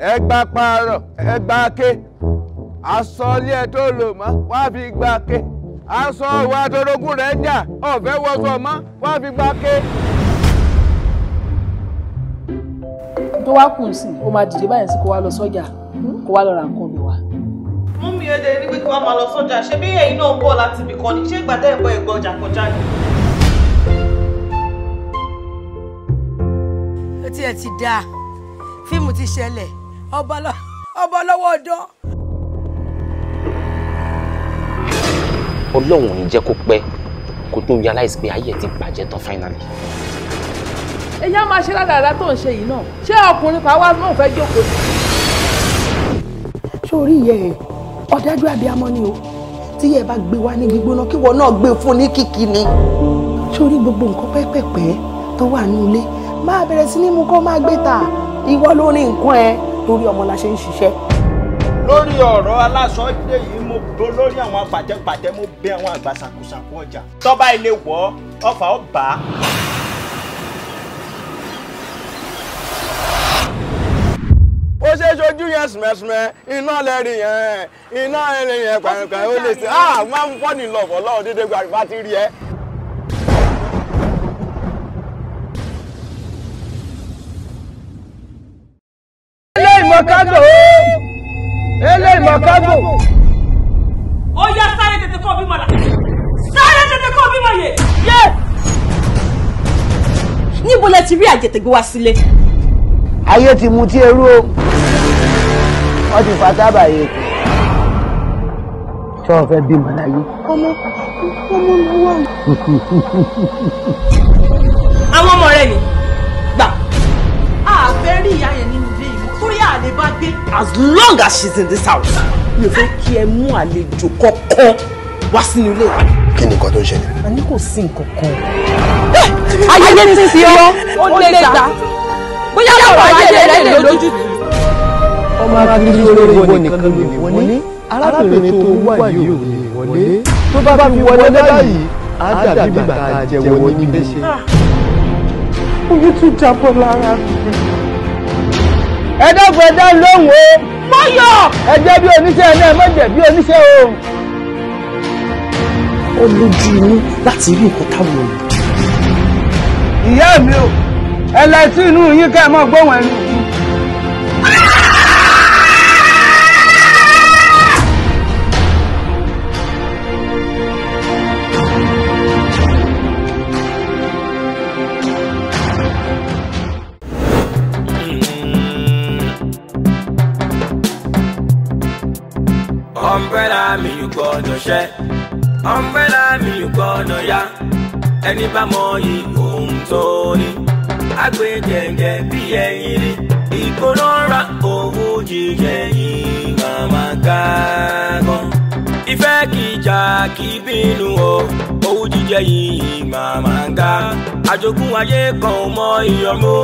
ẹgbà parọ ẹgbà ké aṣọ ilé ẹ tó lò mọ wá fi gbà ké aṣọ ìwà àtọrọgùn rẹ jà ọfẹ wọṣọ mọ wá fi gbà ké. tó wá kù sí ó máa dìde báyìí sí kó wá lọ sọ́jà kó wá lọ ra nǹkan mi wá. mú mi èdè ní pé máa lọ sọ́jà ṣé bí ẹ̀yin náà ń bọ̀ láti ibì kan ní ṣé ìgbà tẹ́ ẹ̀ ọjà kọjá ni. ó tiẹ̀ ti dáa fíìmù ti ṣẹlẹ̀ ọba lọ́wọ́ ọdán. ọlọ́run ò ní jẹ́ kó pẹ́ kó tó realize pé ayé ti bàjẹ́ tán finally. èyí á máa ṣe ládàáda tó ń ṣe yìí náà ṣé ọkùnrin kan wá náà fẹ́ẹ́ jókòó sí. sórí ìyẹ ẹ ọ̀dájú abiyamọ ni o tí ẹ bá gbé wá ní gbígbóná kí wọn náà gbé fún ní kìkì ni. sórí gbogbo nǹkan pẹ́pẹ́pẹ́ tó wà ní ilé máa bẹ̀rẹ̀ sí ní mú kó máa gbé ta ìwọ ló nǹkan ẹ torí ọmọ la ṣe ń ṣiṣẹ́. lórí ọ̀rọ̀ aláṣọ ilé yìí mo bó lórí àwọn pàtẹ́pàtẹ́ mo bẹ àwọn àgbà ṣàkóṣàkó ọjà tọ́ba ilé wọ̀ ọfà ó bà á. ó ṣe ṣojú yẹn sùmẹ́sùmẹ́ iná lẹ́rìn yẹn iná lẹ́rìn yẹn pàrọ̀pàrọ̀ ó lè ṣe ah máa ń fọ́ ní lọ́ọ̀fọ́ lọ́wọ́ dédé gbàgbà ti rí ẹ. mọ̀kágò eléyìí mọ̀kágò. ó yá sáré tètè kọ́ bímọ la sáré tètè kọ́ bímọ yẹ. níbo lẹ ti rí àjẹtẹ̀gbẹ́ wá sílé. ayé ti mu tí eru o wọ́n ti fa tábà yẹ kù sọ fẹ́ bímọ láyé. ọmọ ọmọ lọ́wọ́. àwọn ọmọ rẹ ni. as long as she's in this house mi ò fẹ́ kí ẹ mú àlejò kankan wá sínú ilé wa. kí ni nǹkan tó ń ṣẹlẹ̀. a ní kò sí nǹkan kan. Eh, ayé ti ti yọ ó lè dá bóyá àwọn ayé rẹ lè lójú. ọmọ akíndí olóògbé nìkan lè wọlé arábìnrin tó wà yìí ò lè wọlé tó bá fi wọlé báyìí á dàbí bàtà jẹwọ níbi ṣe. oyún tún jábọ́ lára mi ẹ dákun ẹ dá lóhùn o. mo yọ. ẹ jẹ́ bí oníṣẹ́ ẹ náà ẹ má jẹ́ bí oníṣẹ́ o. ó lójú inú láti rí nǹkan táwọn ò. ìyá mi o ẹ lọ sí inú yín ká ẹ máa gbóhùn ẹnu. gbọ́dọ̀ ṣẹ́ ọ̀npẹ́lá mi ò ya yá ẹni bá mọ yìí ohun tó ní. àgbẹ̀ gẹ̀gẹ̀ bí ẹyin rí ìkólóra owó jíjẹ yìí màmá gágan. ìfẹ́ kì í jà kì bínú o owó jíjẹ yìí màmá ga. àjogún ayé kan ò mọ ìyọ̀mọ́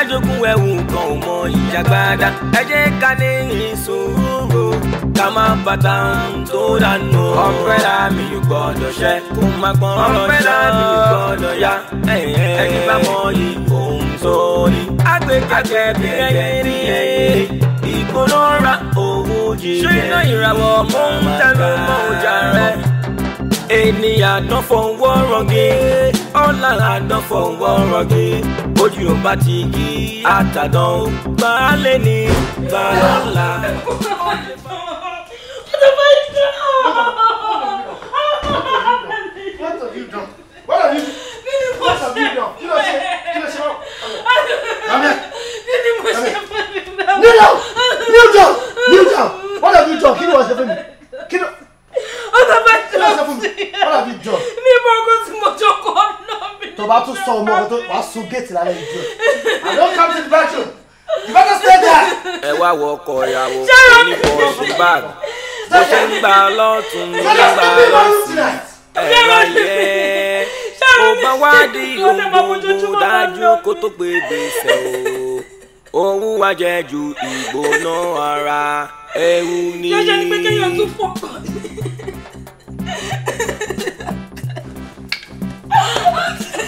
àjogún ẹ̀wù kan ò mọ ìjàgbádá ẹ jẹ́ ká ní ìṣòro go ká má bàtà tó dànù. ọpẹ́ la mi yìí gbọ́dọ̀ ṣẹ́ kó má pọ́n lọ́jọ́ ọpẹ́ la mi yìí gbọ́dọ̀ yá ẹni bá mọ yìí òun sórí. agbègbè kẹ̀kẹ́ rí ìkólóra owó jíjẹ. ṣé iná ìràwọ̀ mò ń tẹnu mọ́ ọjà rẹ̀? ènìyàn àdán fọwọ́ rọ̀gì ọ̀là àdán fọwọ́ rọ̀gì bójú ò bá ti yí àtàdán o baálé ni baálá. Kneel down! Kneel down! Kneel down! What have you done? Kí ni wàá ṣe fún mi? Kí ni. Ọ̀sán bá jọ sí. What have you done? Mi mọ̀ ọkọ tí mo jọ kọ́ mi tó bá tún sọ ọmọ tó wàá sun géètì lálẹ́ ìjọ i don come to the bathroom you better stay there. ẹ wá wọ ọkọ ìyàwó oníkọ sùn bag? bó ṣe ń gbà lọ́tún nígbà lọ́sìn ẹ̀rọ ayé ó bá wádìí òògùn dájú kó tó gbé gbèsè o òun wá jẹ ju ìgbóná ara ewu ni. Oh,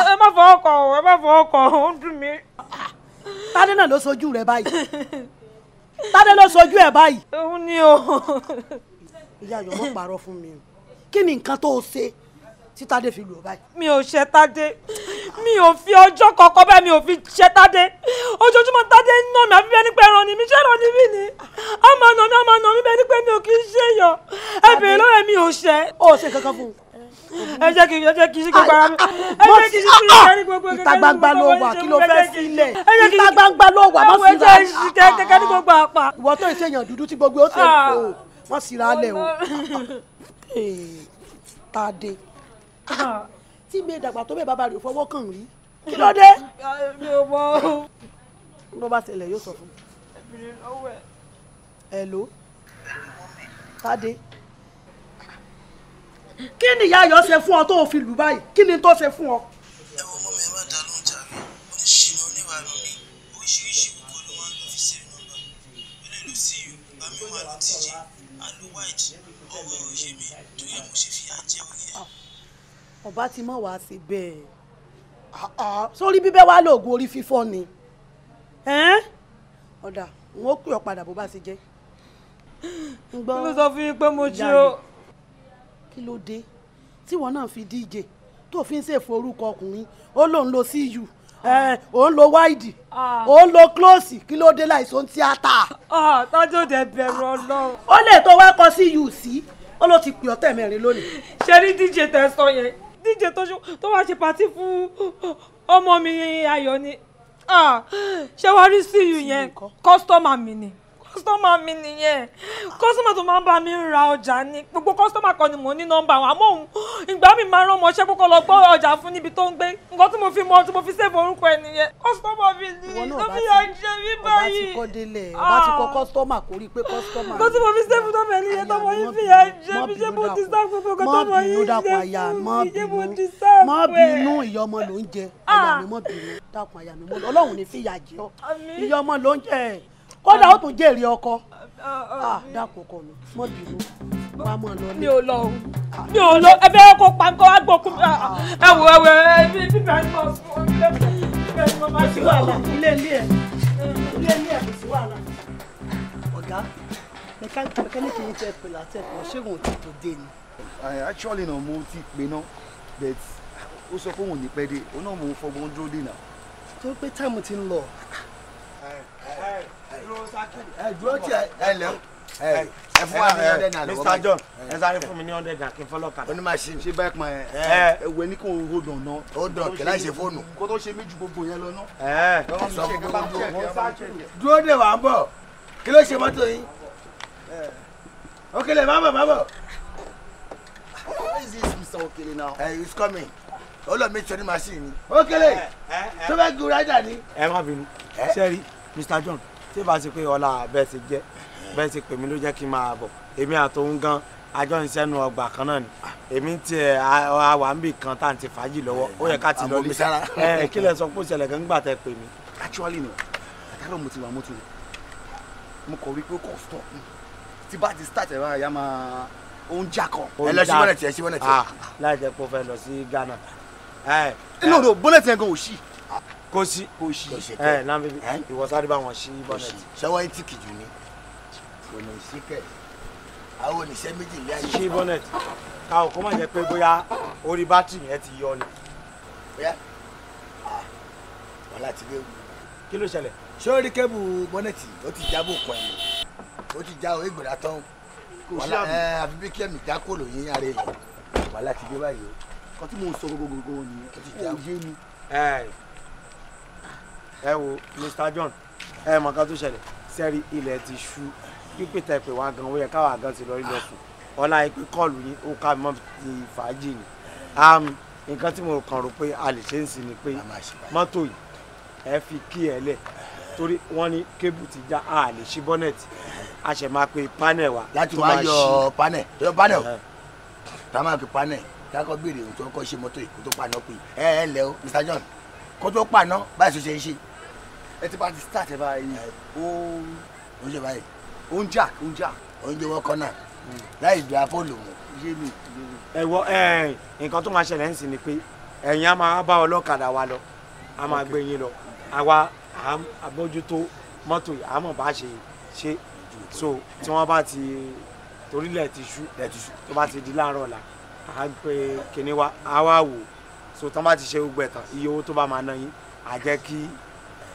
ẹ má fọwọ́ kàn ọ́ ẹ má fọwọ́ kàn ọ́ ó ń dùn mí. tádé náà ló sojú rẹ báyìí tádé ló sojú ẹ báyìí. òun ni o. ìyá ayọ̀ mọ́ parọ́ fún mi kí ni nǹkan tó o ṣe tí tádé fi lù ọ báyìí. mi ò ṣe tádé mi ò fi ọjọ́ kọ̀ọ̀kan bẹ́ẹ̀ mi ò fi ṣe tádé ojoojúmọ́ tádé ń nà mí àfi bẹ́ẹ̀ ni pé ẹran ni mi ṣé ẹran ni mí ni ọmọ nà mí ọmọ nà mí bẹ́ẹ̀ ni pé mi ò bèrè lọ́rẹ̀ mi ò ṣe ò ṣe kankan fún un ẹ jẹ́ kí ẹ jẹ́ kí sí gbogbo ara mi ah, ah, ẹ jẹ́ kí sí kí ní gbogbo kẹ̀kẹ́ ní gbogbo ìta gbangba ló wà kí ló fẹ́ sílẹ̀ ìta gbangba ló wà má sí ra kẹ̀kẹ́ ní gbogbo àpá. ìwọ tó ìṣe èèyàn dúdú tí gbogbo ó ṣe kó ah. má sí ra lẹ̀ o tade tí mi ìdàgbà tó bẹ́ẹ̀ bàbá rẹ̀ fọwọ́ kàn rí kí ló dé. mi ò mọ. ló bá ṣẹlẹ̀ yóò sọ fún mi. ẹ̀ ló tade kí ni ìyá ayọ̀ ṣe fún ọ tó fi lù báyìí kí ni tó ṣe fún ọ. ẹ wo mọ́mí ẹ má dá lóhùn jàre ó ti ṣìnà oníwàánu mi oríṣiríṣi kókó ló máa ń lò fi ṣe nọ́mbà eléyìí sí i bàmí ọba ti mọ̀ wá sí bẹ́ẹ̀ ah, ah. sórí bíbẹ́ wá lóògùn orí fífọ́ ni ọ̀dà n ó pè padà bó bá ṣe jẹ́. mo sọ fún yín pé mo jí o kí ló dé tíwọ náà fi DJ tó fi ń ṣèfò orúkọ ọkùnrin ó lóun lo cu òun lo wáìdì ah. òun lo klóòsì kí ló dé láì sóun tíátà. Ah, tọ́jú òde bẹ̀rù ah. ọlọ́run. ó lè tó wá kọ sí yù sí ó ló ti pè ọ́ tẹ̀mẹ́rin lónìí. ṣe ní díje tẹ sọ yẹn díje tó wá ṣe pàtí fún ọmọ mi ayọ̀ ni ṣé wàá rí sí yù yẹn kọ́sítọ́mà mi ni kọ́sítọ́mà mi nìyẹn kọ́sítọ́mà tó máa ń bá mi ra ọjà ni gbogbo kọ́sítọ́mà kan ni mò ní nọ́mbà wọn àmọ́ òun ìgbà mi máa rán ọmọọṣẹ́ kókó lọ gbọ́ ọjà fún níbi tó ń gbé nǹkan tí mo fi mọ tí mo fi sèbò orúkọ ẹ̀ nìyẹn kọ́sítọ́mà mi nìyẹn tó fi yà jẹ mí báyìí. ọba ti kọ́ délẹ̀ ọba ti kọ́ kọ́sítọ́mà ah. kò rí i pé kọ́sítọ́mà. nǹkan tí mo fi sèbò tọ́mọ nìyẹn tọ́mọ yìí fi yà jẹ mí ṣé mo ti sá gbogbo nǹkan tọ́mọ yìí ṣe mí ṣé mo ti kódà ó tún jèrè ọkọ ah, ah, ah, dákun kọ lọ mọ bínú wàá mọ lọ ní. mi ò lọ o mi ò lọ ẹ bẹ́ẹ̀ kó pa nǹkan agbókun ẹ wọ ẹ wọ ẹ bí bíbá ń bọ̀ fún mi bẹ́ẹ̀ ni mo máa ṣe wàhálà ilé ilé ẹ ilé ilé ẹ kò sí wàhálà. ọ̀gá mẹkáníìkì yìí tẹ́ pè látẹ̀ pọ̀ ṣé wọn ò ti tó dé ni. actually na mo ti pe náà but ó sọ pé òun ò ní pẹ́ dé òun náà mo fọgbọ́n dúró dè náà. tó pé táìmù ti ń lọ ẹ̀dùn ọ̀tí wa Mr John ẹ sáré fún mi ní ọ̀dẹ̀ náà kí n fọlọ́ kàdá. oní machine ṣe báyìí pọn ẹ ẹ wẹ ní kò ń ro dàn ná. ó dàn kí láì ṣe fóònù. kó tó ṣe méjì gbogbo yẹn lọ ná. ẹ sọ fún gbogbo dúró dè wá ń bọ̀ kí ló ṣe mọ́tò yín. Okele má is this Mr Okele now? Hey, he's coming ó lọ méjì ní machine ni. Okele tó bá gun rájà ni. ẹ má bínú sẹ́rí Mr John tí bá ti pé ọlá bẹ́ẹ̀ ti jẹ́ bẹ́ẹ̀ ti pè mí ló jẹ́ kí n máa bọ̀ èmi àtòun gan àjọ ń sẹ́nu ọgbà kan náà ni èmi ń tiẹ̀ àwa ń bì kan tá à ń ti fàájì lọ́wọ́ ó yẹ ká ti lọ bí ẹ kí lẹ sọ pé ó ṣẹlẹ̀ kan nígbà tẹ pè mí. actually ni àtàrà mo ti wà mo ti wà mo kọ̀ wípé ó kọ̀ stop tí bá ti start ẹ̀rọ àyà máa ó ń jà kan. ẹ lọ sí bọ́lẹ̀tì ẹ sí bọ́lẹ̀tì. Ah, láì jẹ́ pé ó fẹ́ lọ sí Ghana. ẹ lọ́dọ̀ bọ́lẹ̀tì yẹn gan ò sí kò sí kò sí ẹ náà bíbí ìwọ sáré bá wọn sí bọ́nẹ̀tì. sẹ́wọ́ etí kìjù ni kò ní sí kẹ̀ àwọn oníṣẹ́ méjì ní ayé. sí bọ́nẹ̀tì ká o kó má jẹ́ pé bóyá orí bátìrì yẹn ti yọ ni. bóyá ah, wọn láti lé wu. kí ló ṣẹlẹ̀. sórí kébù bọ́nẹ̀tì ó ti jábọ̀ pọ̀ ẹ̀ ó ti já o ìgbéra tán kò sí àbí. Eh, àfi bí kẹ́mi dákòlò yín ara èèyàn wàhálà ti dé báyìí o kọ́tí mò ń sọ gbogbo gbogbo nìyẹn ti já o ẹ wo Mr. John ẹ mọ kan tó ṣẹlẹ̀ sẹ́rí ilẹ̀ ti ṣú pípé tẹ pé wọn gan ó yẹ káwọn àgàn ti lọ rí lọ sùn ọlá ìpín kọlù yín ó ká mọ ti fàájì ni nǹkan tí mo kàn rò pé a lè ṣe ń sin ni pé mọ́tò yìí ẹ fi kí ẹ lẹ̀ torí wọ́n ní kébù ti já a lè ṣí bọ́nẹ̀tì a ṣẹ̀ máa pe panel wa. láti wá yọ panel yọ panel tá a máa pe panel kákọ́ béèrè ohun tó kọ́ ṣe mọ́tò yìí kó tó paná pé ẹ ẹ lẹ o Mr John kó tó paná báyìí tó ṣe ń ṣe ẹ ti bá ti start ẹ báyìí ó ó ṣe báyìí ó ń jà ó ń jà ó ń jẹ́wọ́ kọ́nà hmm. láì dùn apọ́lò mu. yé mi yé mi. ẹ wọ nǹkan tó máa ṣẹlẹ̀ ń sìn ni pé ẹ̀yin á máa bá ọlọ́kadà wa lọ a máa gbé yín lọ àwa àbójútó mọ́tò yìí àmọ̀ bá ṣe ṣe so tí wọ́n bá ti torílẹ̀ ti ṣú tó bá ti di láàárọ̀ ọ̀la àá gbé kinní wa àwa wò so tí wọ́n bá ti ṣe gbogbo ẹ̀ tán iye owó tó bá máa ná yín àjẹ́ kí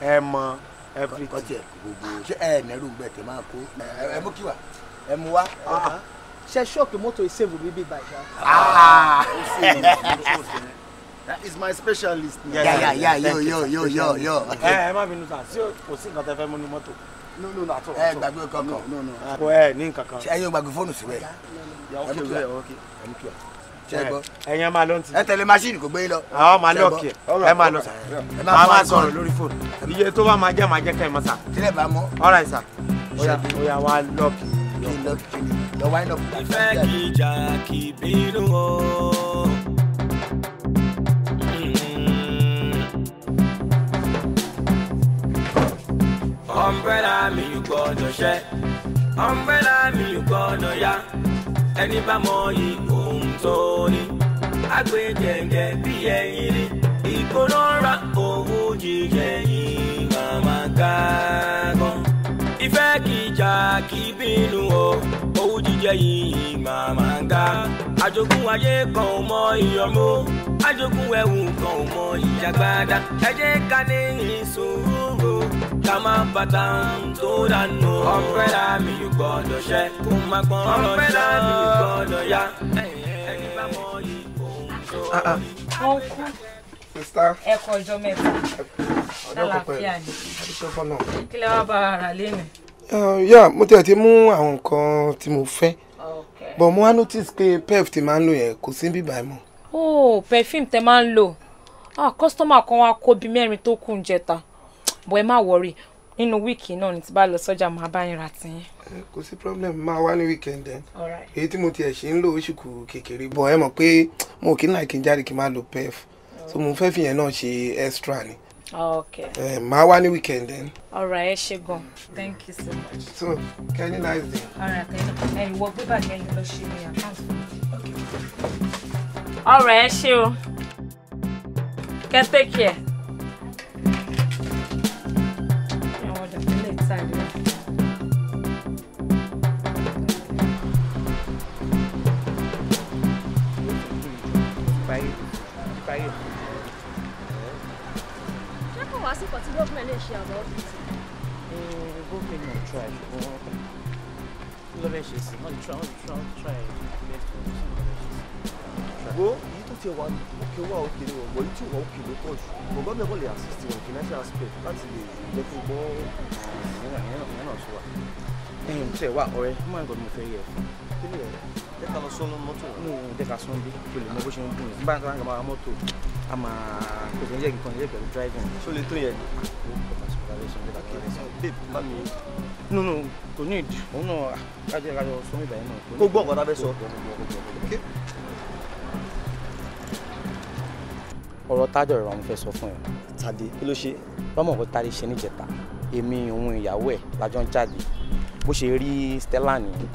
ẹ mọ everything. kọ́tì ẹ̀ gbogbo ṣé ẹ nẹ́rù gbẹ tẹ máa kó ẹ mú kí wà ẹ mú wá. ṣe ṣọ́ọ̀kì mọ́tò ìṣègùn bíbí ìbàjẹ́. That is my specialist. Yeah, yeah, yeah, yeah, yo, yo, yo, yo, yo. Ẹ ẹ má bínú sàn, sí kò sí nǹkan tẹ fẹ́ mú ní mọ́tò. No, no, no, àtọ̀. Ẹ gbàgbé kankan. No, no. Ẹ ní nǹkan kan. Ẹ yóò gbàgbé fóònù síbẹ̀. Ẹ mú kí wà ṣẹgbọ. ẹyin máa lọ ní ti. ẹ tẹ̀lé maṣíìnì kò gbé yín lọ. àwọn máa lọ kí ẹ ẹ máa lọ sà. ẹ máa sọ̀rọ̀ lórí fóònù. iye tó bá máa jẹ́ máa jẹ́ kẹ́ ẹ mọ̀ tílẹ̀ bá mọ́. ọ̀rẹ́ sà. ó yá wá lọ lọ kí ìfẹ́ kì í jà kì í bínú o. Mm. umbrella mi you gbọ́dọ̀ ṣẹ́ umbrella mi you gbọ́dọ̀ ya ẹni bá mọ ìkóhun tó ní. agbe gẹ̀ǹgẹ̀ bí ẹyin rí ìgbóná ra owó jíjẹ yìí màmá gágan. ìfẹ́ kì í bínú o owó jíjẹ yìí màmá ga. àjogún ayé kan ò mọ ìyọ̀mọ́ àjogún ẹ̀wù kan ò mọ ìjàgbádá ẹ jẹ́ ká ní ìṣòro ká má bàtà ń tó dànù. ọpẹ́ la mi yóò gbọ́dọ̀ ṣẹ́ kó má gbọ́n lọ ṣá ọpẹ́ la mi yóò gbọ́dọ̀ yá. ẹni bá mọ yìí kò ń ah, ah. sọ ọ́ ni. wọ́n kú lálàáfíà ni kí lè wá bá ara lẹ́nu. Eh, yà mo tẹ̀ ti mú àwọn nǹkan tí mo fẹ́ but mo wá notice pé pef ti máa ń lò yẹn kò sí bíbá ẹ mọ́. oh perfume tẹ máa ń lò ah customer kan wá kó bíi mẹ́rin tó kù ń jẹta bọ́ ẹ má wọrí nínú wíìkì náà ní ti bá lọ sọ́jà máa bá yín ra tiyín. kò sí problem máa wá ní weekend then èyí tí mo tiẹ̀ ṣe ń lò ó sì kù kékeré bọ̀ ẹ mọ̀ pé mo kì í náà kí n jáde kí n máa lo pef so mo fẹ́ fi yẹn náà ṣe extra ni. okay. ẹ máa wá ní weekend then. ọ̀rọ̀ ẹ ṣe gan thank you so much. so kẹ́ni nice day. ọ̀rọ̀ àtẹ̀yìn ẹ̀yìn wọ bíbà kẹ́yìn lọ ṣe ní àkáǹtì. ọ̀rọ̀ ẹ ṣe o kẹ́ take care. ráyè fún mi. ṣé kò wá sí ìkọ̀ tí gómìnà lè ṣe àmọ́ ọ́fíìsì? Eh, gómìnà ò try ṣùgbọ́n lọ́bẹ̀ ṣe sí wọ́n lè try wọ́n lè try wọ́n lè try best of the ṣùgbọ́n èyí tó ti wà òkè wà òkè ni wọ̀n wọ̀nyí tí wà òkè ló pọ̀ jù wọ́n gbọ́dọ̀ kọ́ lè assist wọn financial aspect láti lè jẹ́ kó gbọ́ ìyẹn náà tó wà. ẹ̀yìn tẹ̀ wá ọ̀rẹ́ mọ́ ẹ̀gọ́ ni mo fẹ́ yẹ fún. kí ni ẹ̀rọ? jẹ́ ká lọ sọ́nù mọ́tò rẹ̀. jẹ́ ká sọ́nù bí kò lè mọ bó ṣe a máa kò tó ń yẹ kíkan yẹ driving. ṣó lè tó yẹ ni. babe bá mi. no no kò ní ìdí òun náà kájọ kájọ sọ mí báyìí náà. kó gbọ́ ọ̀gá bẹ́ẹ̀ sọ. ọ̀rọ̀ tájọ ìrọ̀ ń fẹ́ sọ fún ẹ. Tádé kí ló ṣe. lọ́mọ̀ kó Tádé ṣe níjẹta èmi òun ìyàwó ẹ̀ lájọ ń jáde bó ṣe rí Stella nìyí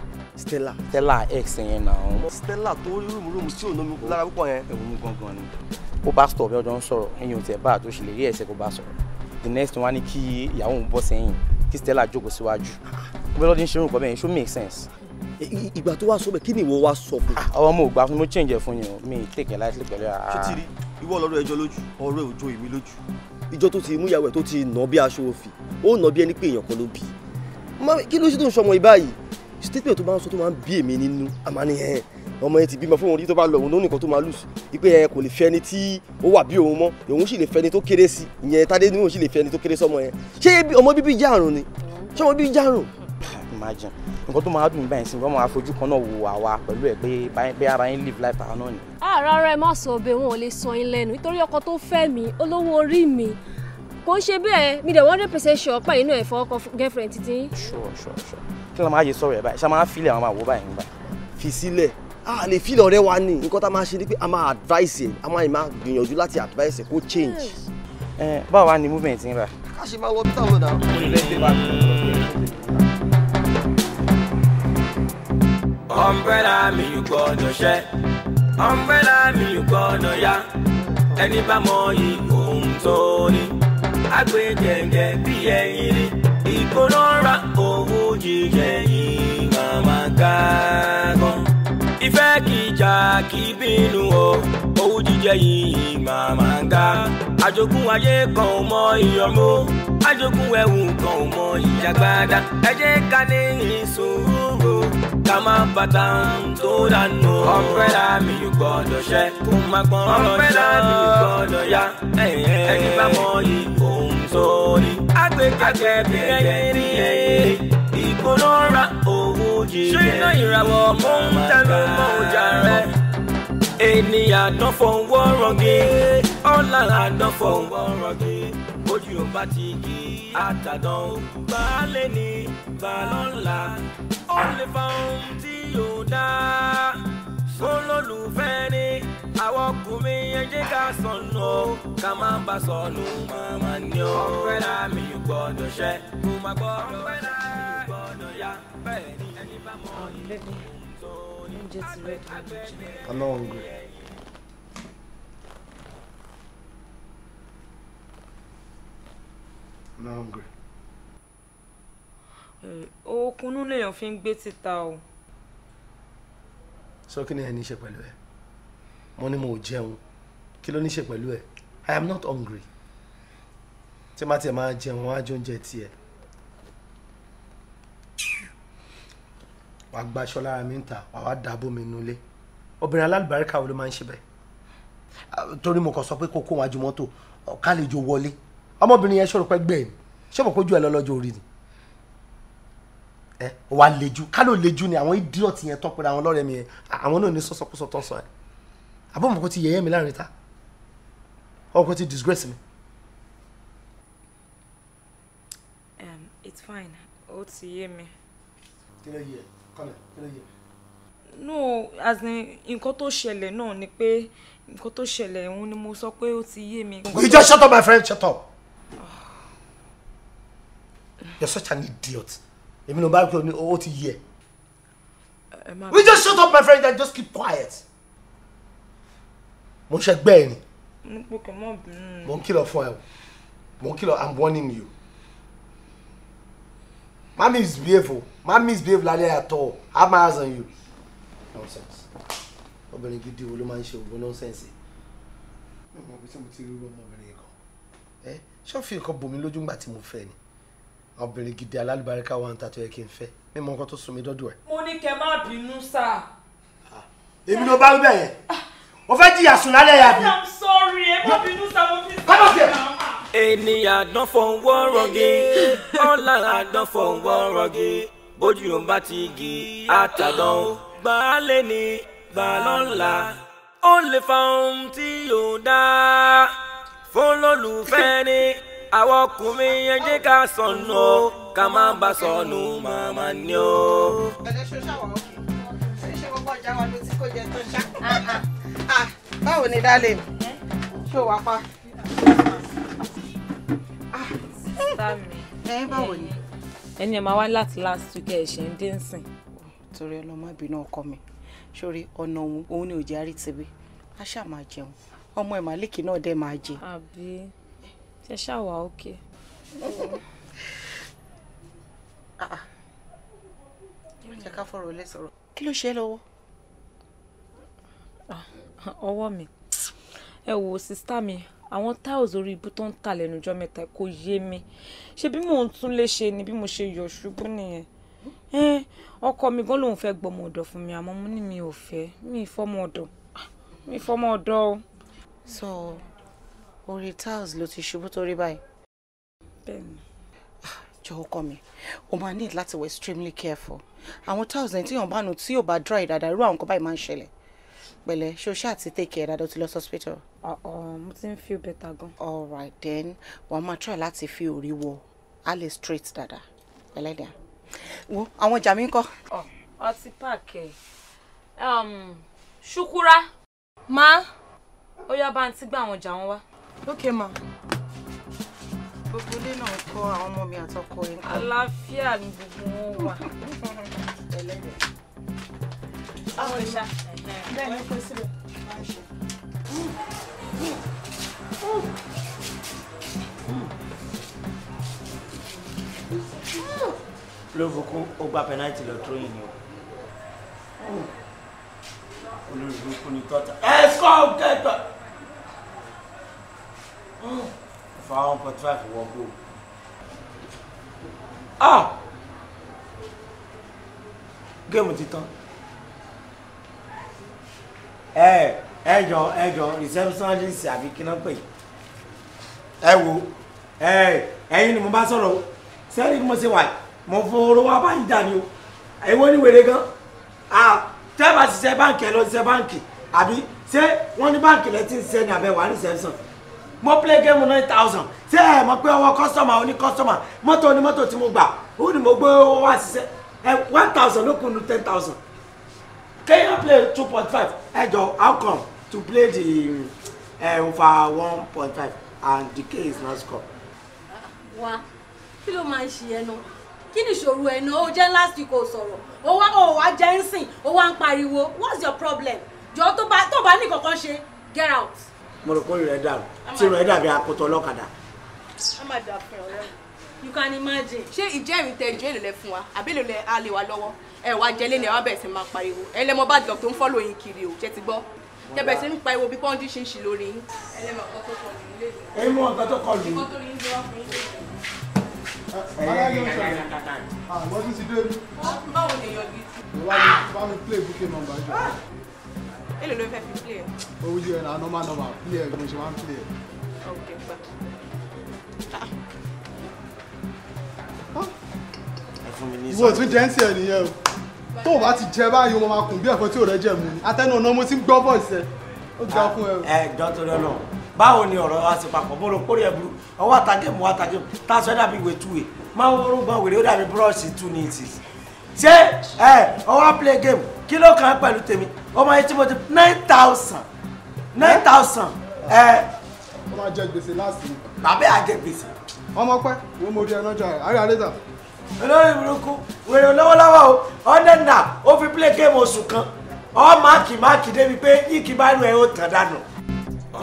Stella. Stella ex yẹn na Stella tó rí rúmurúmu tí ò nomi lára púpọ̀ yẹn. ẹ̀wọ̀n mi gangan ni. ó bá stọ̀ bí ọjọ́ ń sọ̀rọ̀ ẹ̀yìn ò tiẹ̀ bá àtúnṣe lè rí ẹ̀sẹ̀ kó bá sọ̀rọ̀ the next one ni kí ìyàwó òun bọ́ sẹ́yìn kí Stella jókòó síwájú bí lọ́dún ṣe ń rògbọ́ bẹ́ẹ̀ ṣó make sense. ìgbà tó wá sọ bẹ́ẹ̀ kí ni ìwọ wá sọ fún. Ah, ọwọ́ mo gbà fún mo change ẹ̀ fún yín take ẹ̀ lightly pẹ̀lú ara. ṣé ti rí ìwọ lọ́rọ̀ ẹjọ́ lójú ọ̀rọ̀ òjò èmi lójú. ìjọ tó ti mú ìyàwó ẹ̀ tó ti nà bí aṣọ òfì ó nà bí ẹni pé èèyàn kan ló bì í. kí ló ṣe tó ń sọmọ ìbáyìí statement tó bá ń sọ tó máa ń bí èmi nínú àmàní ẹ ọmọ yẹn ti bímọ fún òun rí tó bá lọ òun ló nìkan tó máa lùsù wípé ẹ kò lè fẹ́ ẹni tí ó wà bí òun mọ́ òun sì lè fẹ́ ẹni tó kéré sí ìyẹn tádé ni òun sì lè fẹ́ ẹni tó kéré sọmọ yẹn ṣé ọmọ bíbí járùn ni ṣé ọmọ bíbí járùn. imagine nǹkan tó máa dùn báyìí sí ọmọ àfojú kan náà wò àwa pẹ̀lú ẹ̀ pé bí ara yín live life àwọn náà ni. má sọ ọbẹ̀ wọn ò lè sọ yín lẹ́nu nítorí ọkọ tó fẹ́ mi olówó orí mi kò ń ṣe bẹ́ẹ̀ mi dẹ̀ one percent sure pàyínú ẹ̀ fọ́ girlfriend títí. sure sure sure kí ló máa yẹ sọ̀rọ̀ ẹ̀ báyìí ṣá máa fílẹ̀ àwọn àwọ̀ báyìí nígbà. fi sílẹ̀ a lè fílẹ̀ ọ̀rẹ́ wa ní nǹkan tá a máa ṣe ni pé a máa advice ẹ̀ a máa máa gbìyànjú láti advice ẹ̀ kó change. ẹ báwo wá ni movement ń rà. ká ṣe máa wọ bí táwọn náà. umbrella mi ò gbọ́dọ̀ ṣẹ́ umbrella mi ò gbọ́dọ̀ yá ẹni bá mọ yìí ohun tó ní agbẹ́gẹ̀gẹ̀ bí ẹyin ni ìkóránra owó yẹyẹ yìí màmá gágan ìfẹ́ kìjà kì í bínú o owó jíjẹ yìí màmá ga àjogún ayé kan ò mọ ìyọ̀mó àjogún ẹ̀wù kan ò mọ ìjàgbádá ẹ jẹ́ ká ní ìṣòro ká má bàtà tó dànù. ọ̀pẹ́ la mi gbọ́dọ̀ ṣẹ́ kó má pọ́n lọ́jọ́ ọ̀pẹ́ la mi gbọ́dọ̀ yá ẹni bá mọ ìfòhùn agbẹ̀gẹ̀gẹ̀ ẹyẹrí ìgbóná ra owó jìjẹ. ṣé iná ìràwọ̀ mò ń tẹnu mọ́ ọjà rẹ̀? ènìyàn àdán fọwọ́ rọ̀gì ọ̀là àdán fọwọ́ rọ̀gì ojú ò ti kí àtàdán baálé ni baálọ́la ó lè fa ohun tí yóò dáa olólùfẹ́ ni àwọn ọkùnrin yẹn jẹ́ ká sọnù o ká má bàa sọnù màmá ni o. ọpẹ́ náà mi gbọ́dọ̀ ṣẹ́ kó má gbọ́dọ̀ ṣẹ́ mi gbọ́dọ̀ yá bẹ́ẹ̀ ni ẹni bá mọ̀ ní. oúnjẹ ti rẹ̀ dùn jẹ. ọlọ́run gbé. lèèyàn fi ń gbé títa o sọ kí ni ẹ ní pẹ̀lú ẹ mo ní mo jẹun kí ló ní pẹ̀lú ẹ i am not hungry tí má tiẹ̀ máa jẹun wá jó oúnjẹ tiẹ̀ wàá gba aṣọ lára mi ń ta wàá wá dàbò mi nulẹ̀ obìnrin alálùbáríkà wo ló máa ń ṣe bẹ́ẹ̀ torí mo kàn sọ pé kókó wájú mọ́tò ká lè jọ wọlé ọmọbìnrin yẹn ṣòro pẹ́ gbẹ̀ẹ́ ṣé mo kójú ẹ lọ́lọ́jọ́ orí ni ẹ wà leju kálò leju ni àwọn idiot yẹn tọ́ pé àwọn lọ́rẹ́ mi yẹn àwọn náà ní sọ́sọ́kúsọ tó ń sọ ẹ àbọ̀mọ̀ kò ti yẹ̀yẹ́ mi láàrin ta ọkọ ti disgrace mi. Um, it's fine ó ti yé mi. kí ló yẹ kọ́lẹ̀ kí ló yẹ. no as in nǹkan tó ṣẹlẹ̀ náà ni pé nǹkan tó ṣẹlẹ̀ òun ni mo sọ pé ó ti yé mi. you just shut up my friend shut up. Ah. you're such an idiot èmi ló bá pè ọ ní owó ti yẹ. we just shut up my friend and just keep quiet. mo ṣe gbẹ́ ẹ̀ ni. mo ń kìlọ̀ fún ẹ o mo ń kìlọ̀ i'm warning you. ma misbehave o ma misbehave lálẹ́ àtọ̀ have my eyes on you. nonsense obìnrin gidi wo ló máa ń ṣe òògùn nonsense. mo mọ̀ pé tí mo lójú ńgbà tí mo fẹ́ ni obìnrin gidi alálùbáríkà wa ń ta tó yẹ kí n fẹ́ mímọ nǹkan tó sún mi dọ́dọ̀ ẹ̀. mo ní kẹ́ má bínú sá. èmi ló bá wí bẹ́ẹ̀ mo fẹ́ jìyà sùn lálẹ́ yà bí. i'm sorry ẹ má bínú sá mo fi sí ọ̀nà. ènìyàn dán fọwọ́ rọ̀gì ọ̀là àdán fọwọ́ rọ̀gì bójú ló ń bá ti gi àtàdán gbà lé ní gbà lọ́la ó lè fa ohun tí yóò dá fọlọ́lùfẹ́ ni àwọn ọkùnrin yẹn jẹ́ ká sọnù o ká má bà sọnù màmá ni o. ẹ̀jẹ̀ ṣe ṣàwọ̀ òkè ẹ̀jẹ̀ ṣe gbogbo ọjà wa ló ti kó jẹ tó ṣá. Ah, ah. Ah, báwo ni dálẹ̀ ṣé o wá pa. ẹ báwo ni. ẹni ẹ máa wá láti last week ẹ ṣe ń dé ń sìn. torí ọlọmọ ìbínú ọkọ mi sórí ọ̀nà òun òun ni òjì àrítìbí a ṣáà máa jẹun ọmọ ẹ̀ màlíkì náà dẹ̀ máa jẹ ṣe ṣàwà òkè. jẹ́ ah. fọ̀rọ̀ lẹ́ sọ̀rọ̀. kí ló ṣe é lọ́wọ́. ọwọ́ mi ẹ wo sista mi àwọn tiles orí ibú tó ń tà lẹ́nu ọjọ́ mẹ́ta kò yé mi ṣe bí mò ń tún lè ṣe ni bí mo ṣe yọ̀ ṣubú nìyẹn ọkọ mi gan lòun fẹ́ gbọmọ ọ̀dọ̀ fún mi àmọ́ mo ní mi so, orí tiles ló ti ṣubú torí báyìí. bẹ́ẹ̀ni. Ah, jọ̀wọ́ kọ́ mi o máa need láti were extremely careful àwọn tiles ní tíyàn bá nù tí yóò bá dry dáadáa irú àwọn kan báyìí máa ń ṣẹlẹ̀ pẹ̀lẹ́ ṣé o ṣáà ti take care dáadáa o ti lọ sí hospital. Uh-uh, mo ti ń feel better gan. Alright, right then wàá máa try láti fi orí wọ a lè straight dáadáa pẹ̀lẹ́ dà wo àwọn ọjà mi ń kọ́. ọtí oh, páàkì um, ṣukura máa ó yá bá ń tí gbà àwọn ọjà wọn wá. Okay, ma. gbogbo ilé náà kọ àwọn ọmọ mi àtọkọ ẹ. àlàáfíà ni gbogbo wọn wà. báwo ni ṣá bẹ́ẹ̀ ni kò síbẹ̀. lóbùkún ó gba pẹnáìtì lọ tó ni o olórí burúkú ni tọ́ta. ẹ sọ́ọ̀ fa wọn pẹ tíráfì wọ bó. ah géèmù ti tán ẹ ẹ jọ ẹ jọ receptionist àbí kíná pè ẹ wo ẹ ẹyin ni mo bá sọ̀rọ̀ sẹ́ni mo ṣe wà mo fòrò wá báyìí dàní o ẹ̀wọ́n ní wèrè gan ah tẹ́ bá ṣiṣẹ́ báǹkì ẹ lọ ṣiṣẹ́ báǹkì àbí ṣé wọ́n ní báǹkì lẹ́tí ń ṣiṣẹ́ ní abẹ́wà ní reception mo play game nine thousand ṣé ẹ mọ̀ pé ọwọ́ kọ́sọ́mà oní customer, mọ́tò oní mọ́tò tí mo gbà ó ní mo gbé owó wá ṣiṣẹ́ ẹ one thousand ló kù nu ten thousand kenya play two point five ẹ how come to play the ẹ uh, over one point five and the k is not score. wá kí ló máa ń ṣe ẹnu kí ni ìṣòro ẹnu ó jẹ́ last week ó sọ̀rọ̀ ó wá ó wá jẹ́ ń sìn ó wá ń pariwo what's your problem jọ tó bá tó bá ní kankan ṣe get out mo rò pé rẹ̀ dàrú tí rẹ̀ dàbí akoto ọlọ́kadà. a máa dà fún ọ̀rẹ́ mi you can imagine. ṣé ìjẹ́rìí tẹ ìjọ èlò lẹ fún wa àbí èlò lẹ a lè wa lọ́wọ́ ẹ wá jẹlé ni ẹ wá bẹ̀rẹ̀ sí máa pariwo ẹ lẹ́mọ bá dùn tó ń fọ́lọ̀ yín kiri o jẹ́ ti gbọ́ jẹ́ bẹ̀rẹ̀ sí ń pariwo bí pọ́ńdì ṣe ń ṣe lórí yín. ẹ lẹ́mọ ọkọ tó kọlù nílé mi. ẹ mú ọkọ tó kọlù mi. ọkọ tó èlò ló fẹ́ fi play ẹ̀. owó yẹn normal normal play ẹ̀ mo ṣe máa ń play ẹ̀. ok gbà. ìwọ tún jẹ́ ń tiẹ̀ nìyẹn o tó o bá ti jẹ báyìí mo máa kùn bí ẹ̀fọ́ tí ò rẹ jẹ̀ mú ni atẹ́nu ọ̀nà mo ti ń gbọ́ bọ́ọ̀sì ẹ̀ ó ga fún ẹ. ẹ ah, jọ eh, tó lọ náà báwo ni ọ̀rọ̀ wa sì papọ̀ bó ló kórè ẹ̀bùrú ọwọ́ àtàgẹ̀mù àtàgẹ̀mù tá a sọ dàbí ìwé túwe máa ń rúgbọ́n wèrè ó dàbí búrọ́ọ̀sì two ninety ṣé ẹ eh, ọwọ́ play game kí ló kàn án pẹ̀lú tèmi ọmọ yẹn tí mo ti nine thousand nine thousand ẹ. wọ́n máa jẹ gbèsè láàsì. bàbá yà jẹ gbèsè. ọmọ pẹ́ wo mo rí ẹnájà rẹ̀ àríyá lẹ́tà. olórí burúkú wèrè lọ́wọ́lọ́wọ́ o ọ̀dẹ̀ nà ó fi play game oṣù kan ọ máàkì máàkì débi pé yíkì bá nù ẹ ó tàn dànù.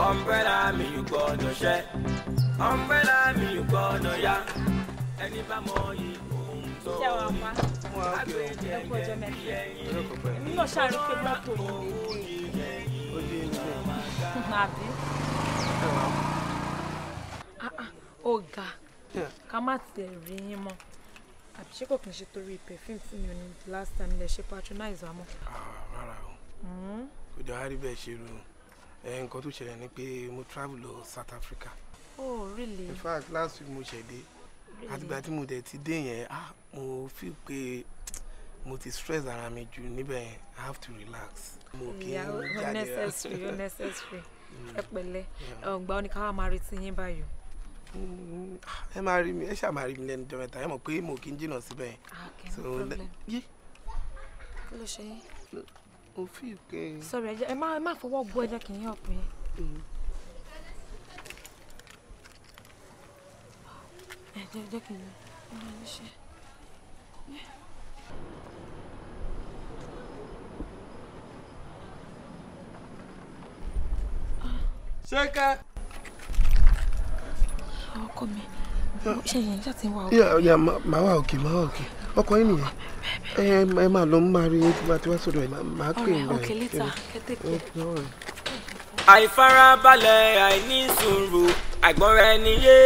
umbrella mi gbọ́dọ̀ ṣẹ́ umbrella mi gbọ́dọ̀ yá ẹni bá mọ yìí jẹ́ wa pa ẹ̀kú ọjọ́ mẹ́ta èmi náà ṣàrò pé mọ́tò mi lè ká má tiẹ̀ rí yín mọ́ àbí ṣé kò kì í ṣe torí perfume tí mi ò ní last time lè ṣe patronize wa mọ́. Ah, rárá o hmm? kò jọ àárí bẹ́ẹ̀ ṣe rò nǹkan tó ṣẹlẹ̀ ni pé mo travel lọ South Africa. oh really. in fact last week mo ṣẹ̀ dé àtìgbà tí mo dẹ̀ ti dé yẹn ah, mo fi pé mo ti stress ara mi jù níbẹ̀ yẹn i have to relax. mo kì necessary. jáde necessary. unnecessary unnecessary mm. ẹ pẹ̀lẹ́ ọgbà oníkàwá máa retí yín báyìí mm, ẹ máa rí mi ẹ ṣáà máa rí mi lẹ́nu jọ mẹ́ta ẹ mọ̀ pé mo kì í jìnnà síbẹ̀ yẹn. Ah, so yí. kí ló ṣe yín. mo fi ìpè. ẹ má fọwọ́ gbọ́ ẹ jẹ́ kí n yín ọ̀pọ̀ mm. ẹ jẹ́ jẹ́ kí n lọ ọ̀rọ̀ mi ṣe. ṣé wa ọkọ mi ṣe yẹn ṣáà ti wà òkè. yà máa wà òkè máa wà òkè ọkọ yín nìyẹn ẹ máa lọ máa rí ojú wa tí wàá sọ̀rọ̀ ẹ̀ máa pè é. ọ̀rẹ́ òkè lẹ́tà kẹ́tẹ́kẹ́. àìfarabalẹ̀ àìní sùúrù àìgbọ́ra ẹni yé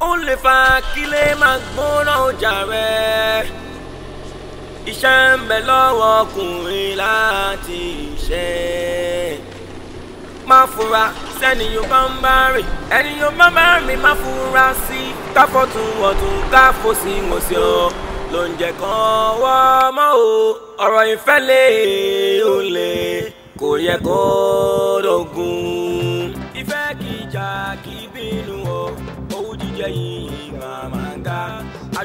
ó lè fa kílé máa gbóná ọjà rẹ̀ iṣẹ́ ń bẹ lọ́wọ́ ọkùnrin láti ṣe má fura sẹ́ni yóò bá ń bá rìn ẹni yóò bá bá rìn má fura sí káfọ́tún ọ̀tún káfọ́sí wọ̀sí ọ ló ń jẹ́ kán wọ́ mọ́ o ọ̀rọ̀ ìfẹ́ lè olè kò yẹ kó dógún.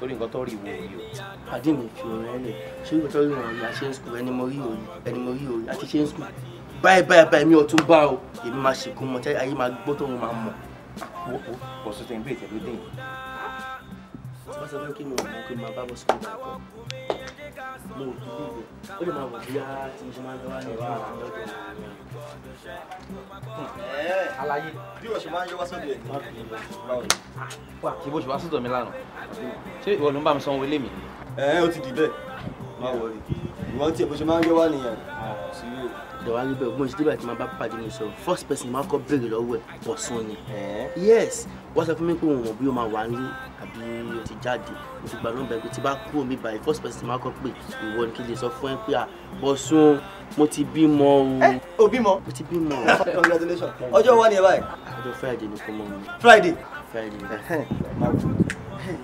torí nǹkan tó rí wo rí o. pàdé mi fi ọ̀rọ̀ ẹ ṣé ìwé tó rí wọn rí ń sùkúl ẹni mo rí òòyì ẹni mo rí òòyì àti ṣe ń sùkúl báyìí báyìí báyìí mi ò tún bá o èmi máa ṣègùn mọ tí ayé máa gbọ́ tó wọn máa mọ̀. bọ̀ sọ́tẹ̀ ń bèèrè tẹ̀lé dẹ́yìn. tí wọ́n sọ fún kí mi ò mọ̀ kí n máa bá bọ̀ sọ́kúl mo ò dúró rẹ̀ ó lè máa wọ̀ bóyá tí mo ṣe máa ń yọ wá ní ìwà àwọn ọ̀dọ́ ìwà. Hmm. àlàyé bí o ṣe máa ń yọ wá sọ́dọ̀ ẹ̀ wà kí bó ṣe wá sọ́dọ̀ mi lánàá ṣé ìwọ ló ń bá mi sanwó ó ti dẹ̀ wá níbẹ̀ ogun ìṣẹ́dẹ́bẹ̀ àti máa bá pàdé mi sọ̀rọ̀ first person máa kọ́ béèrè lọ́wọ́ ẹ̀ ni. yes wọ́n sọ fún mi pé òun ò bí o máa wà ní àbí o ti jáde o ti gbà nọ́mbà ẹgbẹ́ tí bá kú omi báyìí first person máa kọ́ pé ìwọ ni kí lè sọ fún ẹ pé à Bọ̀sún mo ti bímọ o. ẹ o bímọ. mo ti bímọ. congratulations ọjọ́ wa ni ẹ báyìí. ọjọ́ Friday ni kò mọ mi. Friday. Friday.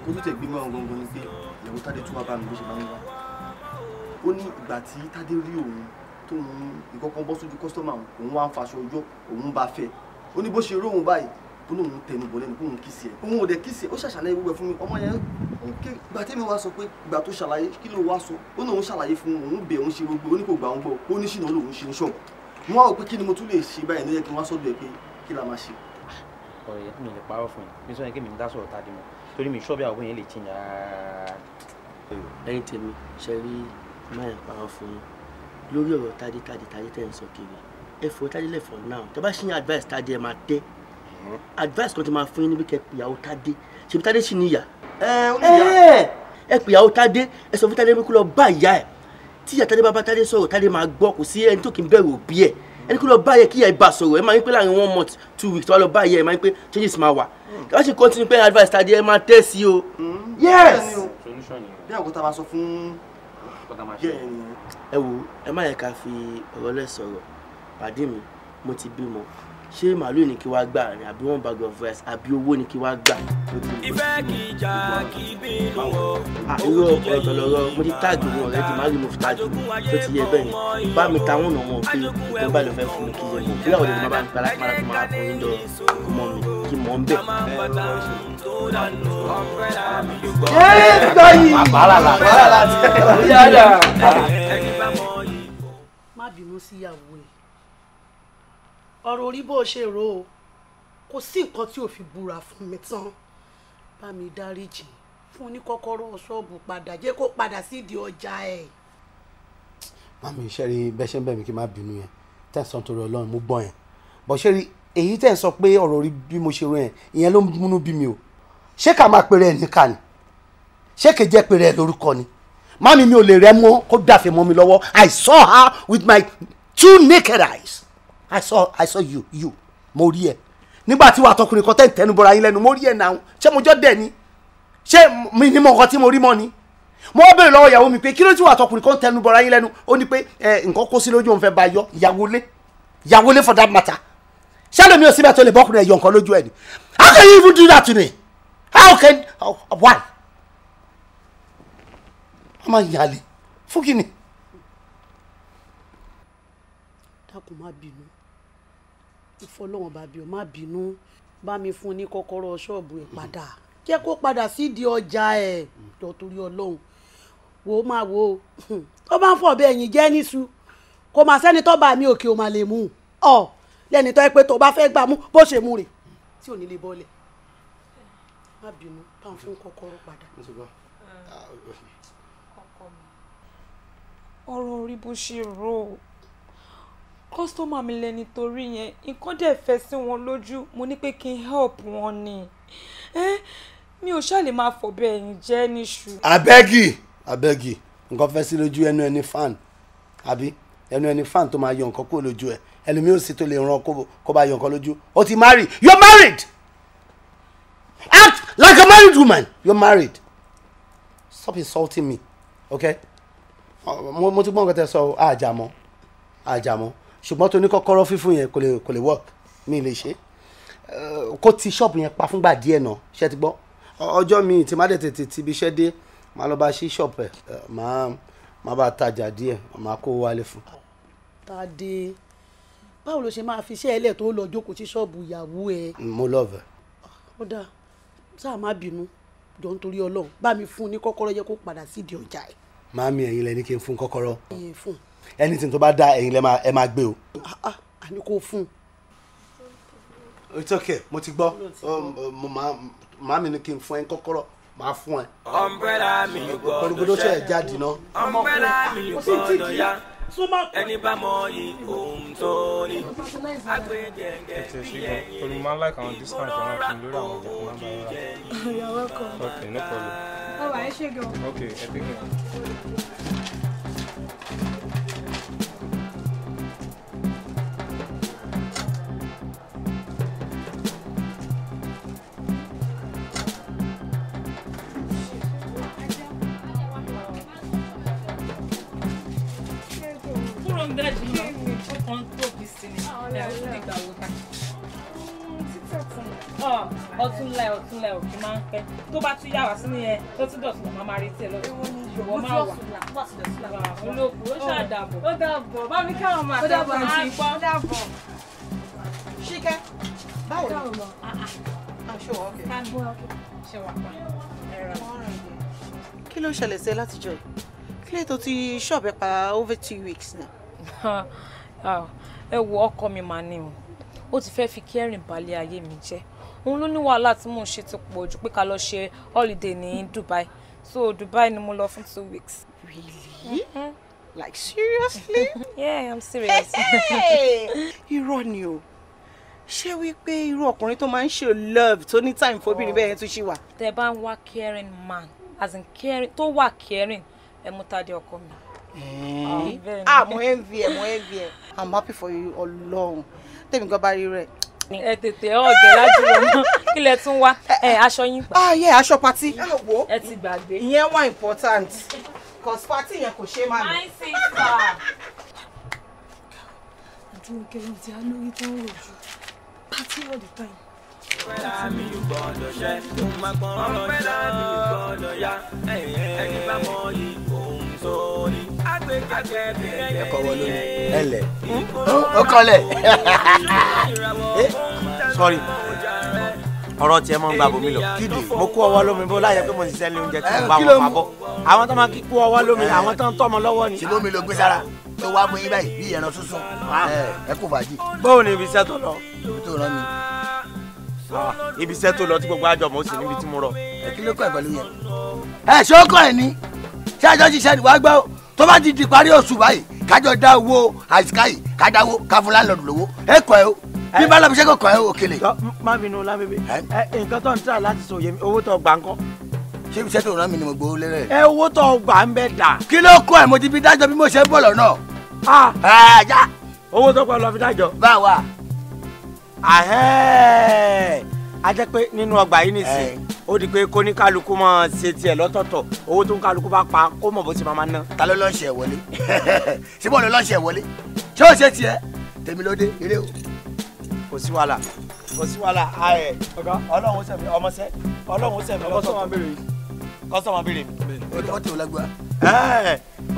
kó tó tẹ gbímọ gbọngbọn ni pé ìyàwó Tádé tún wá bá mi bó ṣe máa ń wá ó ní ìgbà tí Tádé rí òun tóun ìkọ̀kan bọ́ sójú kọ́sítọ́mà òun wá ń faṣọ ọjọ́ òun bá fẹ́ ó ní bó ṣe rí òun báyìí tó lóun tẹnu bọ̀ lẹ́nu kóun kìsì ẹ̀ òun ò dẹ̀ kìsì ẹ̀ ó ṣàṣàlàyé gbogbo ẹ̀ fún mi ọmọ yẹn ké gbà tẹ́mi wá sọ pé gbà tó ṣàlàyé kí ló wá sọ ó lóun ṣàlàyé fún òun bẹ̀ òun ṣe gbogbo ó ní kò gbà òun gbọ́ ó ní ṣìnà lòun ṣe ń ṣọ̀ wọn wá wò pé kí ni mo tún lè ṣe báyìí ló yẹ kí n wá sọ́dọ̀ ẹ̀ pé kí la máa ṣe. ọ̀rẹ́ mi lè parọ́ fún yín mi sọ yẹn kí mi dá sọ̀rọ̀ tá a dì mọ́ torí mi ṣọ́ọ̀bì àwọn yẹn lè ti lẹ́yìn tèmi ṣe rí máyà parọ́ fún yín lórí ọ̀rọ̀ tádé tádé tádé tẹ́ ń sọ kiri ẹ fọ tádé lẹ́fọ̀ọ́ náà tẹ́ bá ṣe yín advice tádé ẹ máa tẹ́ advice kan ti máa fún yín níbi kẹ́ ìyàwó tádé ṣèbí tádé sì níyà ẹ pè ìyàwó tádé ẹ sọ fún tádé kó lọ bá ìyá ẹ tí ìyá tádé bá bá tádé sọ̀rọ̀ tádé máa gbọ́ kò sí ẹni tó kì í bẹ̀rù òbí ẹ̀ ẹni kí lọ bá yẹ kí ìyá ìbá sọ̀rọ̀ ẹ máa ń pẹ́ láàrin one month two weeks tó wá lọ bá yẹ ẹ máa ń pẹ́ changes máa wà kí hmm. wọ́n sì continue pé advice tàdí ẹ máa tẹ́ sí o. Hmm. yes bí àgùntàn máa sọ fún bẹ́ẹ̀ ni ẹ wo ẹ má yẹ ká fi ọ̀rọ̀ lẹ̀ sọ̀rọ̀ pàdé mi mo ti bímọ ṣé màálùú ní kí wá gbà ni àbí one bag of rice àbí owó ní kí wá gbà. ìfẹ́ kì í jà kì í bí inú wọ. Ah, ọ̀rọ̀ tọ̀lọ̀rọ̀ mo ti táàgì wọn ọ̀rẹ́ má rí mo fi táàgì wọn tó ti yẹ bẹ́ẹ̀ ni bá mi ta wọn ọ̀nà wọn pé ìjọba ló fẹ́ fún mi kí yẹ mọ̀ bí àwọn ènìyàn bá ń gbára pàrọ̀ kí máa fún yín lọ ọmọ mi kí mọ̀ ń bẹ̀. ṣé ìgbà yìí. àbáràlà àbáràlà bínú síyàwó ẹ̀ ọ̀rọ̀ orí bó ṣe rò ó kò sí nǹkan tí ò fi búra fún mi tán bá mi dáríjì fún ní kọ́kọ́rọ́ ṣọ́ọ̀bù padà jẹ́ kó padà sídìí ọjà ẹ̀. mami ṣẹ́rí bẹ́ẹ̀ ṣe ń bẹ̀ kí n má bínú yẹn tẹ̀sán torí ọlọ́run mo gbọ́ yẹn bọ́ ṣẹ́rí èyí tẹ̀ sọ pé ọ̀rọ̀ orí bí mo ṣe rò yẹn ìyẹn ló múnú bí mi o ṣé ká máa pèrè ẹ̀ níkà ni ṣé kè jẹ́ pèrè ẹ̀ lórúkọ ni mami mi ò lè rẹ mọ́ kó dàfẹ́ mọ́ mi lọ́wọ́ i saw her with my two naked eyes i saw i saw you you mo rí ẹ nígbà tí wà tọkùnrin kan tẹ̀ǹtẹ̀nu bọ́ra yín lẹ́nu mo rí ẹ náà ṣé mo jọ dẹ̀ ni ṣé mi ní mọ nǹkan tí mo rí mọ́ ni mo bèrè lọ́wọ́ ìyàwó mi pé kí ló ti wà tọkùnrin kan tẹ̀ǹtẹ̀nu bọ́ra lẹ́nu ó ní pé nǹkan kó sí lójú òun fẹ́ bá yọ ìyàwó lé ìyàwó lé for that matter ṣé lómi ò síbẹ̀ tó lè bọ́kùnrin ẹ̀ yọ nǹkan lójú ẹ̀ ni how can you even do that to me how can oh, why a máa yàlè fún kínní. dákun má bínú ìfọlọ́wọ́n bá bí o má bínú bá mi fún ní kọ́kọ́rọ́ ṣọ́ọ̀bù ẹ̀ padà jẹ́ kó padà sídìí ọjà ẹ̀ jọ torí ọlọ́run wò ó máa wò ó tó bá ń fọ̀ bẹ́ẹ̀ yín jẹ́ níṣu kò máa sẹ́ni tó bá mi òkè ò máa lè mú ọ lẹ́ni tó yẹ pé tó bá fẹ́ gbà mú bó ṣe mú rè tí ò ní lè bọ́lẹ̀ má bínú bá ń fún kọ́kọ́rọ́ padà ọ̀rọ̀ orí bó ṣe rò ó kọ́sítọ́mà mi lẹni torí yẹn nǹkan dẹ̀ fẹ́ sí wọn lójú mo ní pé kí n help wọn ni mi ò ṣáà lè máa fọ̀bẹ ẹ̀yìn jẹ́ níṣu. abẹ́gì abẹ́gì nǹkan fẹ́ sí lójú ẹnu ẹni fan àbí ẹnu ẹni fan tó máa yọ nǹkan kúrò lójú ẹ ẹlòmíì ò sì tó lè ran kó bá yọ nǹkan lójú ó ti marry you're married act like a married woman you're married stop insulting me okay mo ti gbọ́ nǹkan tẹ sọ àjàmọ́ àjàmọ́ ṣùgbọ́n tó ní kọ́kọ́rọ́ fífún yẹn kò lè kò lè work mi lè ṣe kó ti ṣọ́ọ̀bù yẹn pa fúngbà díẹ̀ náà ṣe ti gbọ́ ọjọ́ mi ti má dẹ̀ tètè ti ibi iṣẹ́ dé máa lọ bá ṣí ṣọ́ọ̀bù ẹ̀ máa máa bá tajà díẹ̀ máa kó wálé fún. Tádé báwo ló ṣe máa fi iṣẹ́ ẹlẹ́ tó lọ jókòó sí ṣọ́ọ̀bù ìyàwó ẹ. mo love ẹ. ó dáa sáà má bínú jọ nítorí Ọlọ́run bá mi fún ní kọ́kọ́rọ́ yẹ kó padà sídìí ọjà ẹ̀ màámi ẹ̀yin lẹni kí n fún kọ́kọ́rọ́ anything tó bá dá ẹ̀yin lẹ máa ẹ máa gbé o. àní ah, ah, kò fún. it's okay mo ti gbọ́ um, màámi ni kí n fún ẹ kọ́kọ́rọ́ màá fún ẹ. umbrella mi gbọ́dọ̀ ṣe gbọ́dọ̀ ṣe jáde ná. umbrella mi gbọ́dọ̀ ya ẹni bá mọ yìí ohun tó ní. agbẹjẹgẹ bí ẹyin olú máa ń láìka àwọn discount tó máa fún lórí àwọn ìjẹkùn máa ń bá yàrá. ok no problem. ọwọ àyè ṣe gan. ok ẹ bí kí n. strong dájú náà ó kàn ti gbà wò tó bá tún yà wá sí nìyẹn tó tún dọ̀tún màmá máa rí tiẹ̀ lọ́dún ìwọ máa wà olóòkú ó ṣàdàbọ̀ ó dàbọ̀ bá mi káwọn máa tẹ́kọ̀ọ́ máa gbọ́ ó dàbọ̀. ṣíkẹ́ báwo ni kí ló ṣẹlẹ̀ sí ẹ látijọ́ yìí kí lè tó ti ṣọ́ọ̀bẹ pa over two weeks now. Ah, ẹ wo ọkọ mi mà ni o ó ti fẹ́ fi kẹrin balẹ̀ ayé mi jẹ́ òun ló ní wàhálà tí mò ń ṣe ti pọ̀ jù pé ká lọ ṣe holiday ní Dubai so Dubai ni mo lọ fún two weeks. really mm-hmm. like seriously. yeah i'm serious. irọ́ ni o ṣé wípé irú ọkùnrin tó máa ń ṣe love tó ní time fóbìnrin bẹ́ẹ̀ tún ṣì wà. tẹ bá ń wá caring man as in caring tó wà caring ẹ mú tàdé ọkọ mi. Oh, ah mo envy mo envy i'm happy for you Ọlọ́run tèmi gan bá rí rẹ. ẹ tètè ẹ ọgẹ lájúwọ kí lẹ tún wá eh, eh, eh, aṣọ yín pa. ah yeah aṣọ party. àwo ah, ẹ ti gbàgbé. ìyẹn wà important cause party yẹn kò ṣe é má lọ. my sister. àdúró kẹrin ti á lórí tó ń Party all the time mi gbọ́dọ̀ ṣe mo máa pọn ọ̀rọ̀ ṣe ọ̀rọ̀ ya ẹni bá mọ yìí tó ẹkọ wọlé ẹlẹ ó kọlẹ sọrí ọ̀rọ̀ tiẹ̀ mọ́ ń gba bòmí lọ mo kó ọwọ́ lómi bó láyé pé mo ti sẹ́lẹ̀ oúnjẹ tí mo bá wọn pabọ́ àwọn tó máa kí kó ọwọ́ lómi àwọn tó ń tọ́ ọmọ lọ́wọ́ ni. tìlómi ló gbé sára tó wá mú yín báyìí bí ìyẹn lọ sùsùn ẹ kò fàájì. báwo ni ibi iṣẹ́ tó lọ. ibi tó rán mi. ibi iṣẹ́ tó lọ tí gbogbo àjọ mọ̀ ó sì níbi tí mo rọ. ẹ kí ló kọ́ ẹ̀ pẹ̀lú yẹn. ẹ ṣókò ẹ̀ ni ṣáàjọ́ ṣiṣẹ́ ni wàá gbọ́ tó bá ti di parí oṣù báyìí kájọ dá owó àìsíkáyì kájáwó káfúlá lọ́dún lówó ẹ kọ́ ẹ o bí bá lábísẹ́ kọ̀ kọ́ ẹ òkèlè. má bínú lábẹ́bẹ́ nǹkan tó ń tà láti sọ yẹmi owó tó gbà ń kọ́. ṣé ibi iṣẹ́ tó rán mi ni mo gbowó lérè. ẹ owó tó gbà ń bẹ dà. kí ló kọ ẹ mo ti fi dájọ bí mo ṣe bọ̀ lọ́nà. owó tó kọ lọ fi dájọ. báwa a jẹ́ pé nínú ọgbà yìí nìsín eh. ó di pé kó ní kálukú mọ ṣe tiẹ̀ lọ́tọ̀ọ̀tọ̀ owó tó ń kálukú bá pa kó mọ̀ bó ti máa ná. ta ló lọ́ọ̀ṣẹ̀ wọlé ṣé bọ́ọ̀lù lọ́ọ̀ṣẹ̀ wọlé ṣé ó ṣe tiẹ̀ tèmi ló dé eré o. kò sí wàhálà kò sí wàhálà ayẹ ọlọ́run ó sẹ̀mí ọmọṣẹ́ ọlọ́run ó sẹ̀mí lọ́tọ̀ọ̀tọ̀ kọ́sọ̀mọ́ béèrè mi. ó ti wọlé gbọ́.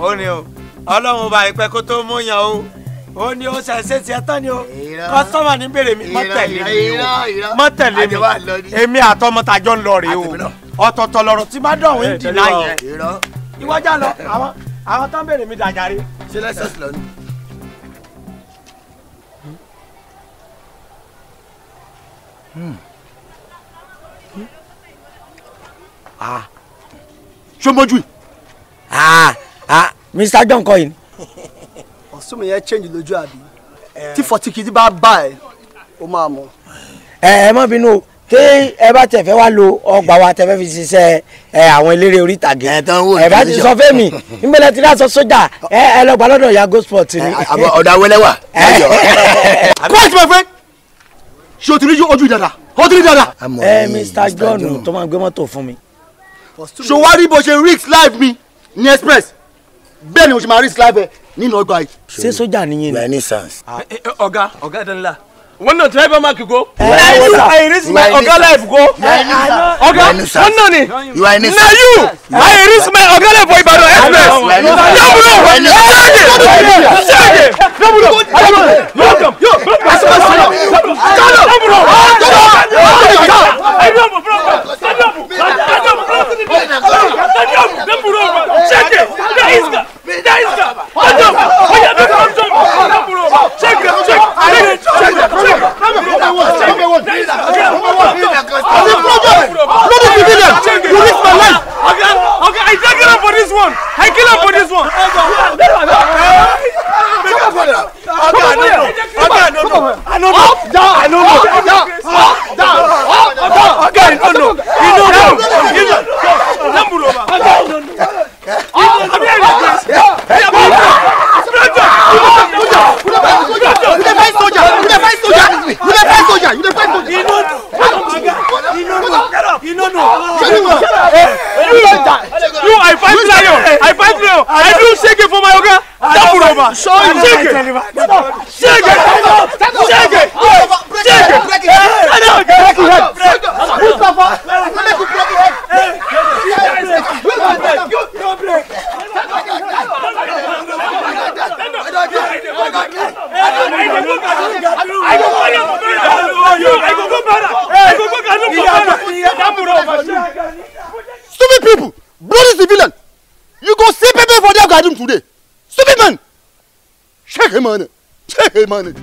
ó ní o ọlọ́run bá ìpẹ́ kó tó mú yàn o ó ní ó ṣàṣẹ tiẹ tán ni o kọsọmà ní bèrè mi mọ tẹ̀lé mi o mọ tẹ̀lé mi èmi àtọmọ tàjọ ń lọ rèé o ọ̀tọ̀ọ̀tọ̀ lọ̀rọ̀ tí bá dọ̀ ń dì náà yẹn ìwọ́jà lọ àwọn àwọn tán bèrè mi dàjàre. ṣé lẹ́sẹ̀sì lọ ni. Hmm. Hmm. Ah. ṣé mojú yìí. Ah, ah, Mr. John kọ́ yìí. costume yẹn change lójú àbí tí forty kìí bá bá ẹ ó máa mọ. ẹ ẹ má bínú o tí ẹ bá tẹ̀fẹ́ wá lo ọgbà wa tẹ̀fẹ́ fi ṣiṣẹ́ ẹ àwọn eléré orí ìtàgé ẹ bá ti sọ fẹ́mi nbẹ̀lẹ̀ tí láṣọ sójà ẹ ẹ lọ gbà lọ́dọ̀ ya go sport ni. àbọ̀ ọ̀dọ̀ awẹ́lẹ́ wà láyọ̀. quiet my friend ṣé o ti rí ojú dada o ti rí dada. ẹ Mr John tó máa gbé mọ́tò fún mi. ṣòwárí bó ṣe risk life mi ní express bẹ́ẹ̀ ni mo ṣe máa risk life ẹ nínú ọgbà yìí. ṣé sójà nìyẹn ni. renaissance. ọ̀gá ọ̀gá dánilá wannan driver mark go na you i risk my oga life go oga wannan ne na you i risk my oga life for ibadan express ya bro shege shege ya bro yo kam yo aso aso kalo ya bro kalo ya bro bro kalo kalo bro shege da iska da iska ọjọ́ ọjọ́ bí wọ́n jọ mí ọjọ́ búrò ṣẹ́kẹ̀ ṣẹ́kẹ̀ ṣẹ́kẹ̀ ṣẹ́kẹ̀ Okay, I take it up for this one. I kill up for this one. Okay, I know. Okay, I know. I know. I know. I know. I know. anyone. You I fight lion. I fight lion. I do shake it for my oga. Double over. Shake. you shake it. Shake it. Shake it. Shake it. Break it. Break it. Break it. Mustafa. Make you break it. I go go mad. I go go mad. I go go mad. Stupid people, bloody civilian. You go see people for their garden today. Stupid man. Shake him on it. Shake him on it.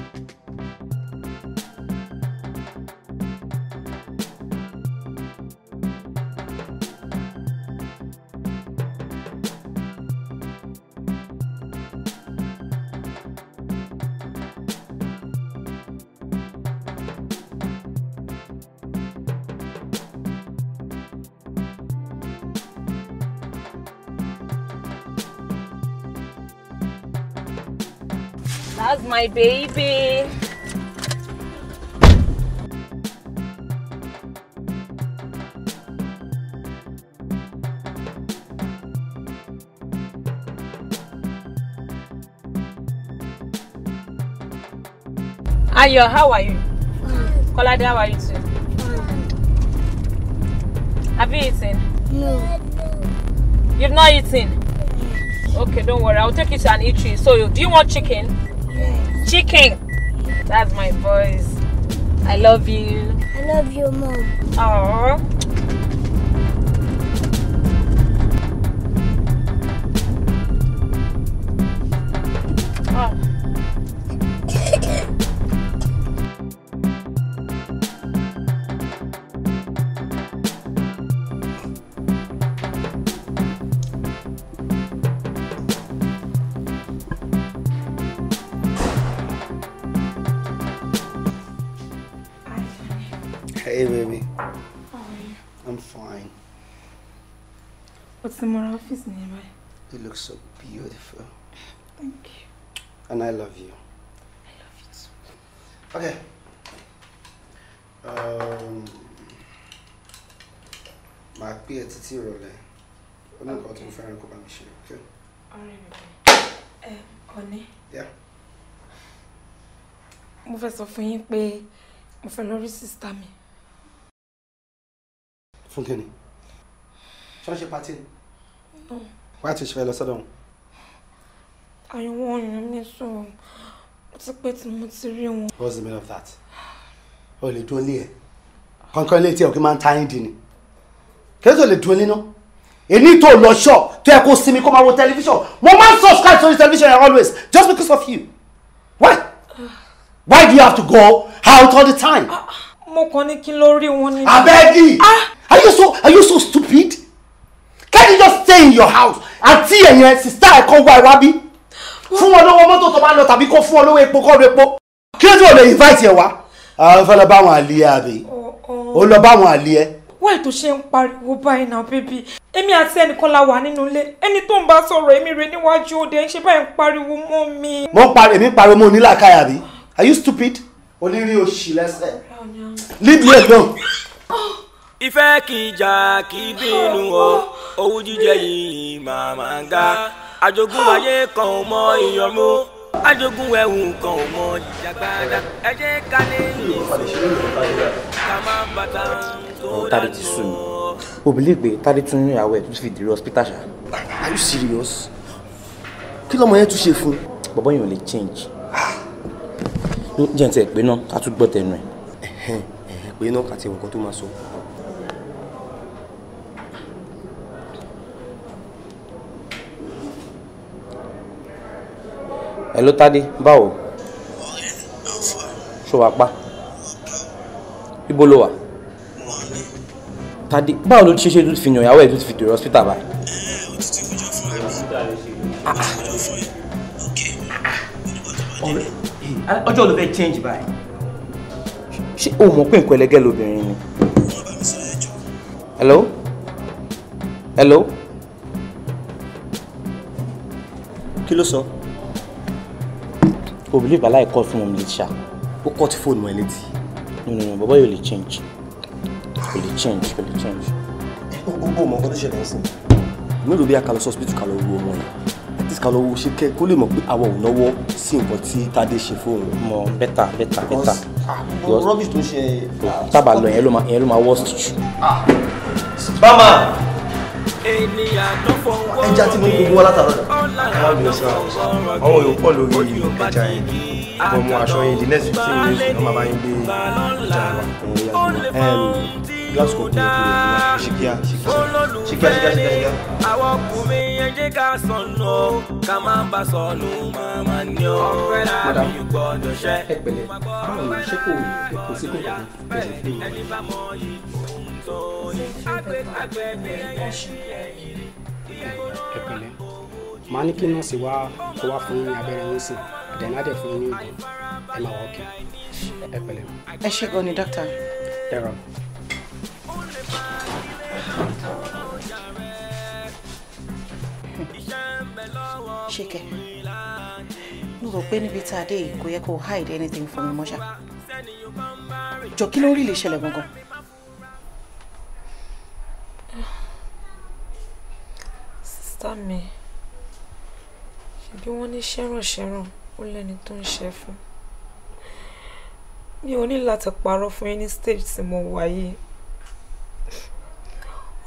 Angel, how are you? Mm. Kolade, how are you too? Mm. Have you eaten? No. You've not eaten? Yes. Okay, don't worry. I'll take you to an eatery. So, do you want chicken? Yes. Chicken! That's my voice. I love you. I love you, Mom. Aww. Samora office nearby. You look so beautiful. Thank you. And I love you. I love you too. Okay. Um, My pè is títí ìrọ̀lẹ́. Ó ní nǹkan tó ń fẹ́ràn kó bá mi ṣe, okay? Um, Ọ̀rẹ́ mi Yeah. Mo fẹ́ sọ fún yín pé mo fẹ́ lọ rí sísítà mi. Fún kí ni? Ṣọ́n ṣe pátí ni? wá ti ṣe fẹ́ lọ sọ́dọ̀ wọn. àyẹ̀wò ọ̀yàn mi sọ ó ti pẹ́ tí mo ti rí wọn. what's the meaning of that? o lè dúró lé ẹ kankan lé tí ẹ kò máa ń ta yín di ni kí ló lè dúró lé náà èyí tó lọ ṣọ tó yẹ kó sinmi kó máa wo tẹlifíṣàn mo máa ń subscribe to the television always just because of you why why do you have to go out all the time. Ah, mo kàn ní kí n lọ rí wọn ní. abeg ah! are you so are you so stupid can you just stay in your house and ẹ̀yẹn your sister kọ́ wá ìwá bí fún wọn lówó mọ́tò tó bá lọ tàbí kó fún wọn lówó epo kọ́ repo kí ló tí wọn lè invite ẹ wá. àwọn fẹ́ lọ bá àwọn àlè ẹ àbí ó oh, oh. lọ bá àwọn àlè ẹ. wọ́n ètò ṣe ń pariwo báyìí náà bébí èmi àti ẹnìkan la wà nínú ilé ẹni tó ń bá sọ̀rọ̀ èmi rè níwájú òde ń ṣe báyìí ń pariwo mọ́ mi. mo pariwo èmi pariwo mo nílà káyà bí are you stupid. onírí òṣì lẹ́sẹ̀ oh, leave me alone ìfẹ́ kì í jà kì í bínú o owú jíjẹ yìí màmá ń ga àjogún ayé kan ò mọ ìyọ̀mú àjogún ẹ̀hún kan ò mọ jàgbádà ẹ jẹ́ ká lè yẹ ká má bàtà tó dájú o. o believe pé tádé tún ní ìyàwó ẹ̀ tó fi dèrò hospital ṣá. are you serious? kí lọmọ yẹn tún ṣe fún. bàbá yẹn ò lè change. jẹ́ ǹ tẹ̀ pé náà ká tún gbọ́ tẹnu ẹ̀. pé náà kàtẹ́wọ̀n kan tó máa sọ. ẹ ló tádé báwo ṣó wàá pa ibo ló wà tádé báwo ló ṣe ṣe tó ti fi yàn ìyàwó ẹ tó ti fi dèrò hospital báyìí. Eh, ah, ah. ọjọ́ ló fẹ́ change báyìí. ṣé o mọ̀ pé nǹkan ẹlẹgẹ́ lobìnrin ni. hello hello kí ló sọ. So? o believe bala i call fún mi late ṣá. ó kọ́ ti fóònù ẹ no no bàbá yóò lè change kò lè change kò lè change. ó ó mọ ọkọ tó ṣẹlẹ̀ ń sìn mélòó bí a kà lọ sọ́spítù kà lọ wo ọmọ yẹn àti kà lọ wo ṣe kẹ́ kó lè mọ̀ pé àwa ò náwó sí nǹkan tí Tádé ṣe fóun. mọ bẹ́tà bẹ́tà bẹ́tà. rọ́bìsì tó ṣe. tábà lọ ah, yẹn ló máa worst jù. Ah, Bama ẹja tí mo ń gbogbo wa látara ẹ̀rọ mi sọ àwọn yòó pọ̀ lórí ẹja yẹn mo mú aṣọ yẹn di next fifteen minutes ọmọ bá yín gbé ẹja yẹn jẹ́ ẹ̀pẹ̀lẹ́ màá ní kí nọ́ọ̀sì wá kó wá fún yín abẹ́rẹ́ yín sí dẹ̀nà dẹ̀ fún yín ìgbọ̀n ẹ máa wọ́ọ̀kì ẹ̀pẹ̀lẹ́. ẹ ṣe gan ni dókítà. ẹ rọrùn. ṣèkẹ́ mo rò pé níbi tá a dé yìí kò yẹ kó hide anything from me mọ́ṣá jọ kí ló ń rí lè ṣẹlẹ̀ gangan. sista mi ṣebí wọ́n ní ṣẹ́rànṣẹ́ràn ó lẹ́ni tó ń ṣe fún mi ò ní láti parọ́ fún yín ní stage tí mo wà yìí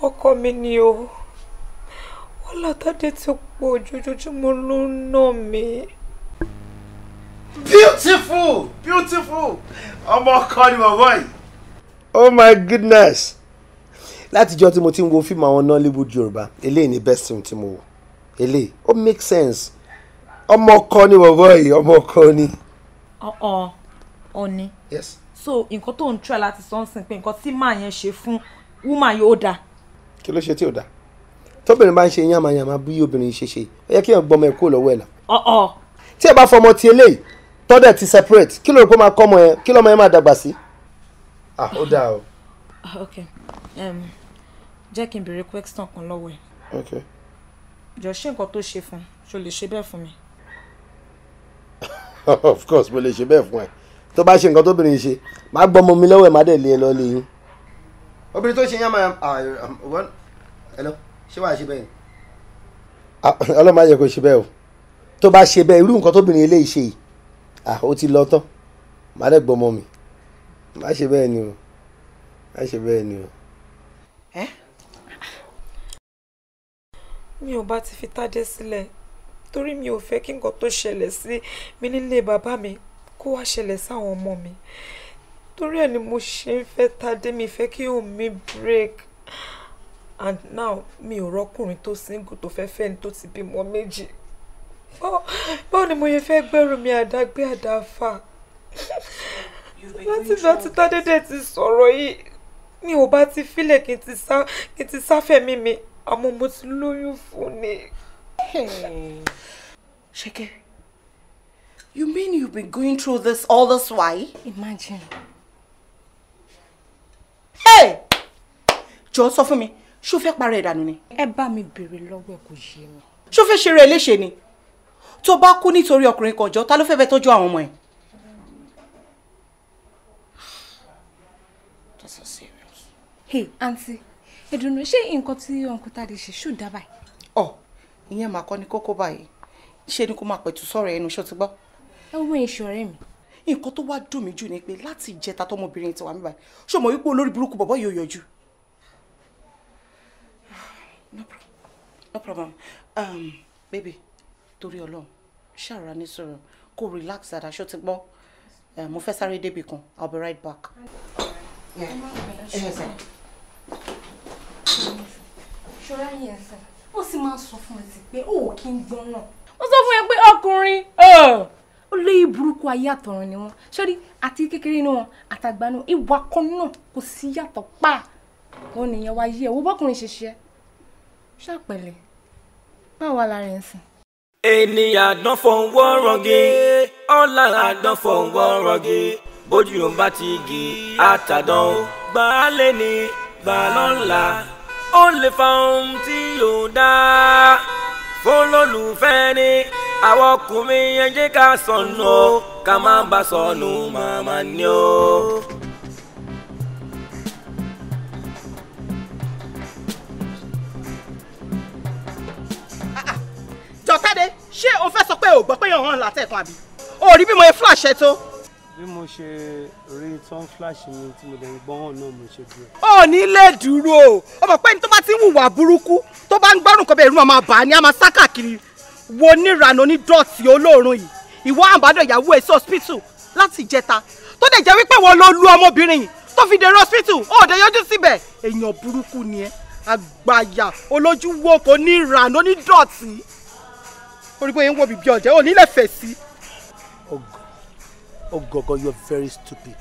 ọkọ mi ni o wọ́n látàdé ti pọ̀ ojoojúmọ́ ló ń nà mí. beautiful beautiful ọmọ ọkọ ni bàbá yìí. oh my goodness látijọ́ tí mo ti ń wo fíìmù àwọn Nollywood Yorùbá eléyìí ni best film tí mo wò eléyìí ó make sense ọmọ ọkọ ni bọ̀bọ̀ yìí ọmọ ọkọ ni. ọ̀ọ́ ọ̀ni. yes. so nǹkan tó ń try láti sọ ń sìn pé nǹkan tí màá yẹn ṣe fún woman yóò dáa. kí ló ṣe tí ò dáa tóbìnrin bá ń ṣe yàmàyàmà bí obìnrin ṣe ṣe ó yẹ kí èèyàn gbọmọ ẹ kúrò lọ́wọ́ ẹ̀ là. ọ̀ọ́. tí ẹ bá fọmọ ti eléyìí tọ́dẹ̀ ti separate kí ló rò pé máa kọ́ ọmọ yẹn kí lọ́mọ yẹn máa dàgbà sí. ah ó dáa o. Ah, ok um, jẹ́ kí n béèrè question kan lọ́wọ́ ẹ̀. ok. jọ ṣé nǹkan tó ṣe fún ṣo lè ṣe bẹ́ẹ̀ fún mi. of course mo lè ṣe bẹ́ẹ̀ fún ẹ tó bá ṣe nǹkan tóbìnrin ṣe máa gbọ́ ọmọ mi lọ́wọ́ ẹ̀ má dẹ̀ lé ẹ lọ lé yín. obìnrin tó ṣe yán máa wọ́n hello ṣé wàá ṣe bẹ́ẹ̀ ni. Ah, ọlọ́mọ ayẹ kò ṣe bẹ́ẹ̀ o tó bá ṣe bẹ́ẹ̀ irú nǹkan tóbìnrin eléyìí ṣe yìí ah, ó ti lọ tán má dẹ̀ gbọ́ ọmọ mi má ṣe bẹ́ẹ̀ ni o má ṣe bẹ́ẹ̀ ni o. ẹ mi ò bá ti fi Tádé sílẹ̀ torí mi ò fẹ́ kí nǹkan tó ṣẹlẹ̀ sí mi nílé bàbá mi kó wá ṣẹlẹ̀ sáwọn ọmọ mi torí ẹ̀ ni mo ṣe ń fẹ́ Tádé mi fẹ́ kí òun mi break and now mi ò rọ́kùnrin tó single tó fẹ́ fẹ́ni tó ti bímọ méjì báwo ni mo yẹ fẹ́ gbẹ́rù mi àdágbé àdáfà láti bá ti Tádé dẹ̀ ti sọ̀rọ̀ yìí mi ò bá ti filẹ̀ kí n ti sáfẹ̀mí mi àmọ́ mo ti lóyún fún ni. Ṣèké, you mean you've been going through this all this while? Imagine. Hey! Jọ̀ọ́ sọ fún mi, ṣó fẹ́ parẹ́ ìdànù ni? Ẹ bá mi béèrè lọ́wọ́ ẹ̀ kò yé mi. Ṣó fẹ́ ṣeré eléṣe ni? Tó bá kú nítorí ọkùnrin kan jọ, ta ló fẹ́ bẹ tọ́jú àwọn ọmọ ẹ̀? hey aunty ẹ̀dùnnú ṣé nǹkan tí ọ̀nkú tá a lè ṣe ṣù dá báyìí. ọ ìyẹn màá kọ́ ni kókó báyìí ṣé ni kó máa pẹ̀tù sọ̀rọ̀ ẹnu ṣó ti gbọ́. ẹ wọ́n èso ọ̀rẹ́ mi. nǹkan tó wá dùn mí jù ni pé láti ìjẹta tọmọbìnrin ti wà mí báyìí ṣó mọ̀ wípé olórí burúkú bọ̀bọ́ yóò yọjú. no problem no problem um, baby torí ọlọ́run ṣàrà ní sọ̀rọ̀ kó relax dáadáa ṣó ti gbọ́ eh, mo fẹ́ sáré débì kan I'll be right back. Yeah. Yeah. Yeah. Yeah. Yeah. Yeah. Yeah ṣọ́ra yẹn ẹ̀sẹ̀ ó sì máa ń sọ fún ẹ̀sìn pé ó kì í gbọ́n ẹ pé ọkùnrin ó léyìn burúkú ayé àtọ̀run ni wọ́n sórí àti kékeré ni wọn àtàgbà ìwà kan náà kò sí yàtọ̀ pa ó nìyẹn wá yí ẹ wo bọ́kùnrin ṣe ṣe ṣàpẹ̀lẹ̀ máa wà lára ẹ̀ sìn. ènìyàn àdán rọ̀gì ọ̀la àdán rọ̀gì bójú yóò bá ti gì àtàdán gbàálẹ̀ ni gbàálọ́la ó lè fa ohun tí yóò dáa fọlọ́lùfẹ́ ni àwọn ọkùnrin yẹn jẹ́ ká sọnù o ká má bàa sọnù màmá ni o. jọ̀kadé ṣé o fẹ́ sọ pé o gbọ́ pé yàn hàn látẹ̀kùn àbí o rí bí mo ye fúláṣẹ tó bí mo ṣe rí tán flash mi tí mo lè ń gbọ́n náà mo ṣe dúró. ó ní lè dúró ọmọ pé ní tó bá ti ń hùwà burúkú tó bá ń gbárùn kan bẹ́ẹ̀ irú ọmọ àbá ni a máa sá káàkiri wo níranà onídọ̀tí olóòórùn yìí ìwọ àbádọ́ ìyàwó ẹ̀ sí hospital láti ìjẹta tó dẹ̀ jẹ́ wípé wọn ló lu ọmọbìnrin yìí tó fi dèrò hospital ó dẹ̀ yọjú síbẹ̀ èèyàn burúkú ni ẹ àgbàyà olójú wo ó oh, gọgọ you are very stupid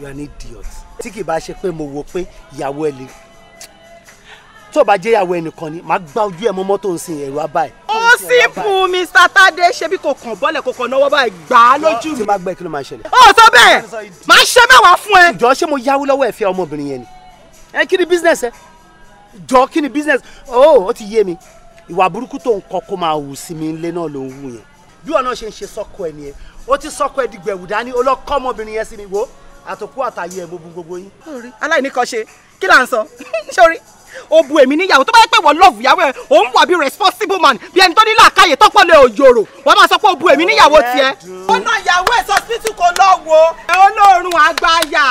you are an idiot tí kì bá ṣe pé mo wo pé ìyàwó ẹ lè tó bá jẹ́ ìyàwó ẹnìkan ni màá gbá ojú ẹ̀ mọ́ mọ́tò ń sin ẹ̀rọ abáyé. ó sì fún Mr. Tade ṣebí kò kàn bọ́lẹ̀ kò kàn náwó báyìí gbà á lójú mi. tí máa gbẹ kí ló máa ṣẹlẹ̀. ó sọ bẹ́ẹ̀ máa ṣe mẹ́wàá fún ẹ. jọ ṣé mo yáwó lọ́wọ́ ẹ̀fẹ́ ọmọbìnrin yẹn ni ẹ kí ni business ẹ jọ kí ni business ó oh, ó ti yé mi ìwà burúkú tó ń kọ́ kó máa wù sí mi ńlẹ́ náà ló ń wù yẹn bí wọn ó ti sọkọ ẹdìgbẹ̀wù dání olókọ́ ọmọbìnrin yẹn sí mi wo àtòkú àtàyè ẹ̀ mo bu gbogbo yín. aláìní kan ṣe kí là ń sọ sórí o bu èmi níyàwó tó bá yẹ pé wọ́n lọ́ọ̀fù yàwó ẹ̀ ò ń wà bí responsible man bí ẹni tó ní làákàyè tọ́pọ̀lẹ̀ òjòrò wọ́n máa sọ pé o bu èmi níyàwó tiẹ̀. ó ná ìyàwó ẹ̀ sọ́sítù kò lọ wo. ẹ olóòórùn àgbáyà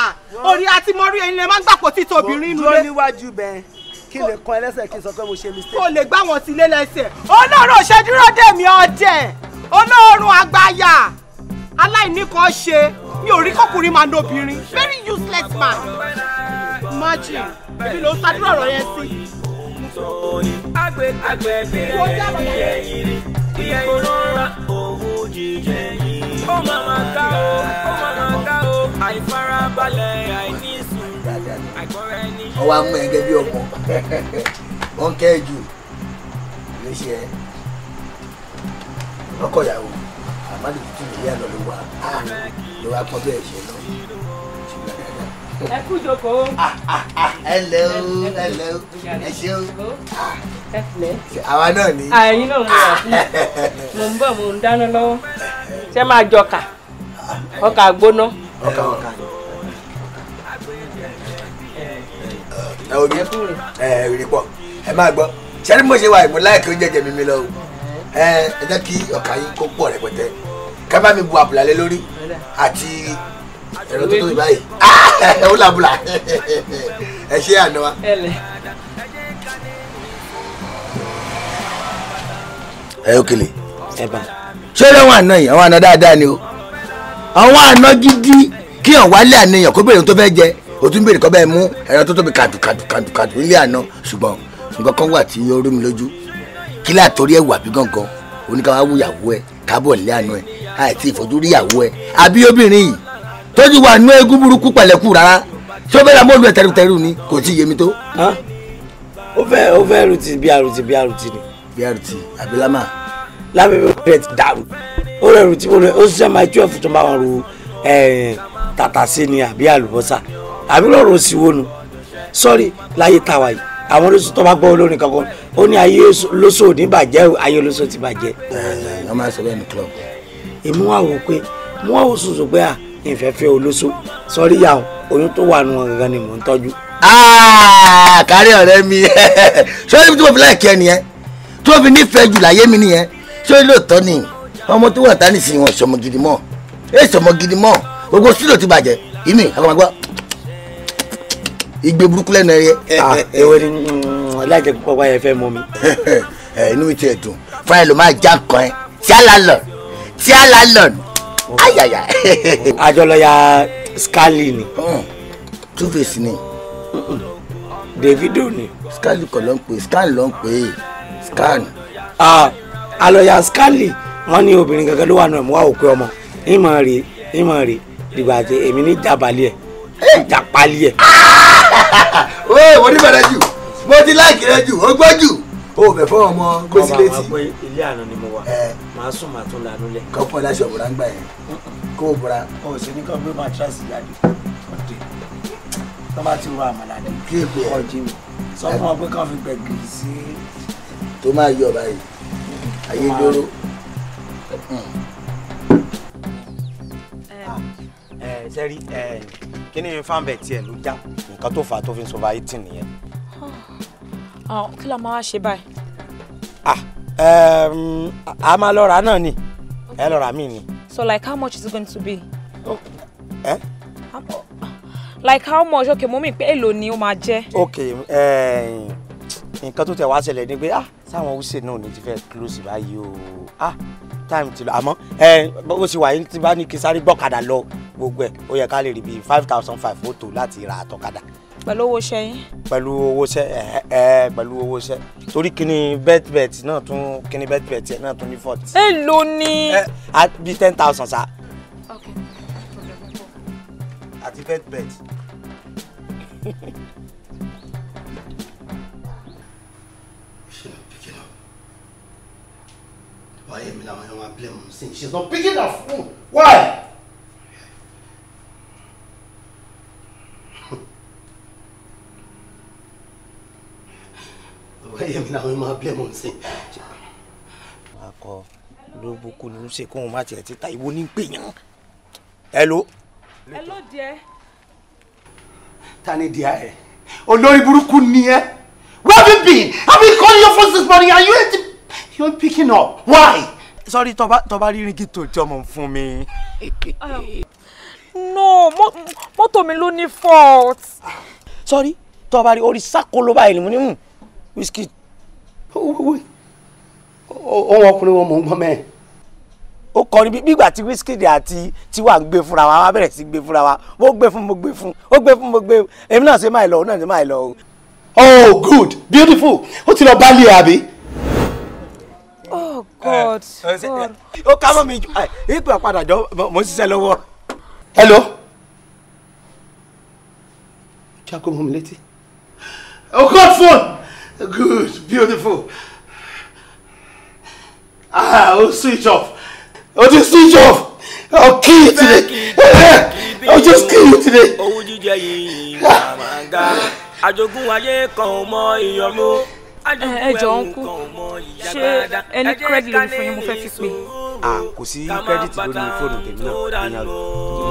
orí àti mọ́rí ẹni lè máa ń gbàpò títí obìnrin nulẹ̀. dúró níwájú bẹ́ẹ̀ kí lè kan ẹlẹ́sẹ̀ kí n sọ pé mo ṣe mistake. kò lè gbá wọn sílé lẹ́sẹ̀. olóòórùn òṣèdúró dèmi ọdẹ olóòórùn àgbáyà aláìní kan ṣe mi ò rí kọkùnrin máa na very useless man imagine èmi ló ń ṣàdúrà ọ̀rọ̀ yẹn sí. agbègbè bí ẹyin rí bí ẹyin rọra jíjẹ yìí. ó máa ma ká o ó máa ma ká o àìfarabalẹ̀ àìní sùúrù ọwọ́ amú ẹ bí ọmọ wọn kẹ́ ẹ jù ló ṣe ẹ bàbá lè tún ìdílé àná ló wà á ah, ló wà pọ́n bẹ́ẹ̀ ṣe lọ. ẹ kú jókòó. Ah, ah, ẹ lẹ o ẹ lẹ o ẹ ṣe o. ẹ filẹ. àwa náà ni. àyìn náà mo wà fún mo ń bọ̀ mo ń dáná lọ́wọ́ ṣé máa jọkà ọkà gbóná. ọkà ọkà ẹ omi ẹ ìrì pọ ẹ máa gbọ́ ṣé ni mo ṣe wà ìmúláìkì oúnjẹ jẹ mímí lọ o ẹ ẹ jẹ́ kí ọkà yín kó pọ̀ rẹpẹtẹ ká bá mi bu àbùlà lé lórí àti ẹ̀rọ tó tóbi báyìí ah, ó làbùlà ẹ ṣe àná wa. ẹ ó kele ṣé lọ́wọ́ àná yìí àwọn àná dáadáa ni o àwọn àná gidi kí hàn wálé àníyàn kó bèrè tó fẹ́ jẹ o tún bèrè kọ́ bẹ́ẹ̀ mú ẹ̀rọ tó tóbi kàdù kàdù kàdù kàdù nílé àná ṣùgbọ́n nǹkan kan wà tí ó rú mi lójú kí láàtórí ẹ̀ wà bí gángan oníkàwá wúyàwó ẹ̀ kábọ̀ nílé àná ẹ̀ àti ìfọ̀jú rí ìyàwó ẹ àbí obìnrin yìí tójú wa nú egún burúkú pẹ̀lẹ́kù rárá tí ó bẹ̀rẹ̀ mọ́lù ẹ̀ tẹrutẹru ni kò tí ì yé mi tó. ó fẹ́ ó fẹ́ rutì bí arutì bí arutì ni. bí arutì àbí lámà. lábẹ́bẹ́ rẹ̀ ti dàrú ó rẹ̀ rutì ó rẹ̀ ó sì sẹ́mi twelve tó máa ru tàtàsé ni àbí àlùbọ́sà àbí lọ́rọ̀ òsì wo nu sọ́rí láyé táwa yìí àwọn olóṣù tó bá gbọ́ olórin kankan ó ní ayé lóṣù ò ní bàjẹ́ ayé olóṣù ti bàjẹ́. ẹ ẹ ọmọ àṣẹ bẹ́ẹ̀ ni club èmi wà wò pé mo wà wò sùsù pé à ìfẹ́ fẹ́ olóṣù sọrí yà ó oyún tó wà nù wọn gangan ni mò ń tọ́jú. kárí ọ̀rẹ́ mi ṣé ibi tí mo fi láì kí ẹ nìyẹn tí mo fi nífẹ̀ẹ́ jù láyé mi nìyẹn ṣé lóòótọ́ ni ọmọ tó wà tání sí wọn ìṣọmọ gidi mọ́ ìṣọmọ gidi mọ́ gbogbo sílò ti bàjẹ́ ìmì àgbàgbà igbe burúkú lẹ́nu ẹ̀yẹ. ewé ah, ni ọlájẹ mm, púpọ̀ wáyé fẹ́ mú mi. inú mi ti dùn fúnra ẹ ló máa já kan ẹ tí a tí a la ayaya. àjọlọ́yà Scarly ni. Hmm. two face ni. Davido ni. Scarly kọ́ ló ń pè Scarly ló ń pè Scarly. àlọ́yà Scarly wọ́n ní obìnrin gangan ló wà nù ẹ̀mú wa òkú ọmọ ìmọ̀ rè ìmọ̀ rè ìgbà àti èmi ní jabalẹ̀ ẹ̀ eh! japalẹ̀ ẹ̀. ó wọ́n ní bẹ̀rẹ̀ jù mo ti láìkì rẹ jù ó gbọ́ jù o bẹ fọ ọmọ gbèsè létí. kọ́ ọ ilé àná ni mo wà máa sùn máa tún lanú lẹ. kọ́ fọ́ láṣọ òbúra ń gbà yẹn kó o búra. o ṣe ní kọ́ gbé matrasi jáde ọ̀dẹ tó bá ti wọ àmàlà ní kéèpé ẹ̀ ọ̀jì mi sọ fún ọ pé kàn fi gbẹ gìrì sí. tó máa yọ báyìí ayé dóró. sẹ́rí mm. eh, eh, eh, kí ni fanbẹ̀ tiẹ̀ ló já nǹkan tó fà á tó fi ń sọ bá yìí tì nìyẹn. Ah àwọn kí la máa wá ṣe báyìí. a máa lọ rà náà ni ẹ lọ rà mí ni. so like how much is it going to be. Oh. Eh? like how much okay mo mi pé èlò ni ó máa jẹ́. okay nǹkan tó tẹ̀ wá ṣẹlẹ̀ ni pé ah sáwọn ọ̀sẹ̀ náà ní ti fẹ́ close báyìí o ah time ti lọ àmọ́ ẹ bó ṣe wà yín ti bá ní kí sáré gbọ́kadà lọ gbogbo ẹ̀ ó yẹ ká lè rí bíi five thousand five ó tó láti ra àtọ̀kadà pẹ̀lú owó iṣẹ́ yín. pẹ̀lú owó iṣẹ́ ẹ ẹ pẹ̀lú owó iṣẹ́ torí kíni bet bet náà tún Kini bet bet yẹn náà tún ní fort. èló ni. ẹ a bí ten thousand sa. àti bet bet. Why am I playing? She's not picking up phone. Why? ẹ̀mí làwọn máa bẹ́ẹ̀ mọ̀ sí. akọ ló bukú ló ń ṣe kó wọn má tiẹ̀ ti ta ìwo ní gbìyàn. hello. hello díẹ̀. ta ni díẹ̀ ẹ̀ olórí burúkú ni ẹ where have you been Have been called your phone since morning Are you ready? you ain't picking up why. sorry tọba tọba rírin kí tó jọmọ fún mi. no mọ́tò mi ló ní fault. sorry tọba rí orí sákòló báyìí ni mo ní mú. Hmm. Wizkid ohun ọkùnrin wọn mò ń gbọ́n mẹ́ẹ̀. ó kọrin bí ìgbà tí Wizkid àti Tiwa ń gbé fúnra wa wá bẹ̀rẹ̀ sí gbé fúnra wa ó gbé fún mo gbé fún ó gbé fún mo gbé èmi náà ṣe máa lọ òun náà ṣe máa lọ o. oh good beautiful ó ti lọ bálé ẹ oh god god. Eh, eh, eh, ó ká mọ́ mi jù ìgbà padà jọ mo ń ṣiṣẹ́ lọ́wọ́. hello. jago mọ́ mi létí. oh god phone. Good, beautiful. Ah, I'll oh, switch off. I'll oh, just switch off. I'll kill you today. I'll just kill you today. Owó jíjẹ yìí àmàgà. Àjogún ayé kan ò mọ ìyọ̀mú. Eh, eh, Ẹ jọ̀ọ́ ń kú. Ṣé ẹni credit lórí fún yín mo fẹ́ fi pè? À ah, kò sí credit lórí fóònù tèmi náà. Ìyá ló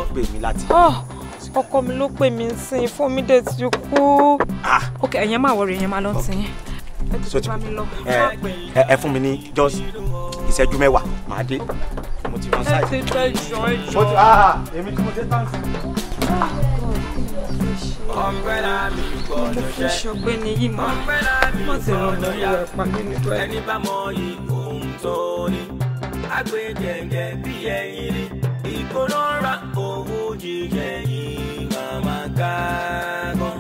ń pè mí láti. Oh ọkọ mi ló pè mí sí fún mi dé ti kú. Ah. ok ẹ̀yẹn máa wọrí ẹ̀yẹn máa lọ sí yín. so ti ẹ ẹ fún mi ní just ìṣẹ́jú mẹ́wàá màá dé. mo ti rán sáì. ẹ ti tẹ ìṣọ ìṣọ. mo ti ah èmi tí mo ti tán sí. Umbrella mi gbọ́dọ̀ ṣe. Ṣọgbẹ́ ni yìí máa mọ̀ sí ìrànlọ́wọ́ ìwà ìpàdé nítorí. Ẹni bá mọ ìkóhun tó ní, á gbé gẹ̀ǹgẹ̀ bí ẹyin ni ìkóránra owó jíjẹ yìí màmá ká gan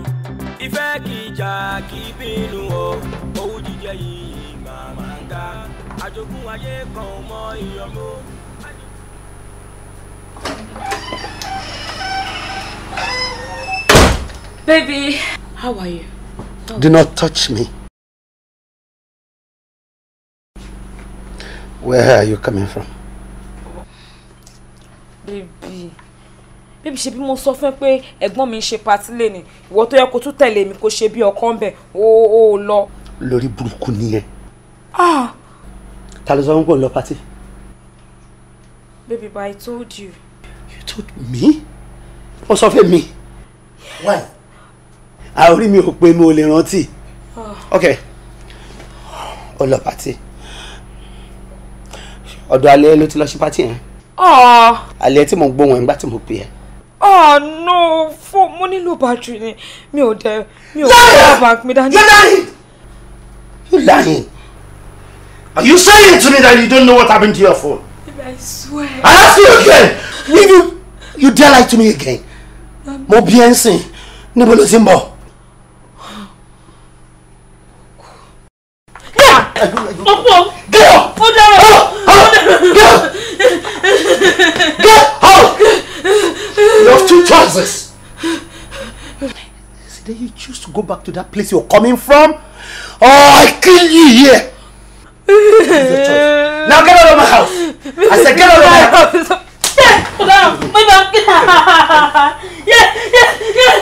ìfẹ́ kìjà kì í bínú o owó jíjẹ yìí màmá ká àjogún ayé kan mọ ìyọmọ. Baby, how are you? Oh. Do not touch me. Where are you coming from? bébì bébì ṣe bí mo sọ fún ẹ pé ẹ̀gbọ́n mi ń ṣe patí lẹ́ni ìwọ tó yẹ kó tún tẹ̀lé mi kó ṣe bí ọkọ ń bẹ̀ ó ó lọ. lórí burúkú nìyẹn. Ah! ta ló sọ fún pé òun lọ patí. baby but i told you. you told me? ó sọ fún mi. why? àórí mi ò pé mi ò lè rántí. Ah. ok ó lọ patí ọ̀dọ̀ alẹ́ ló ti lọ ṣe patí yẹn àlẹ́ tí mo ń gbọ́ wọn nígbà tí mo pè ẹ́. oh no fo mo nílò battery. ni mi ò dẹ mi ò dẹ bank mi dání. You lying You lying are you saying to me that you don't know what happened to your phone. I swear. I ask you again will you you dare lie to me again. mo bí ẹ ń sìn níbo ló ti ń Get out! you have two choices. See, then you choose to go back to that place you're coming from? Oh, I kill you here! Now get out of my house! I said get out of my house! Put down! Put down! Yeah! Yeah! Yeah!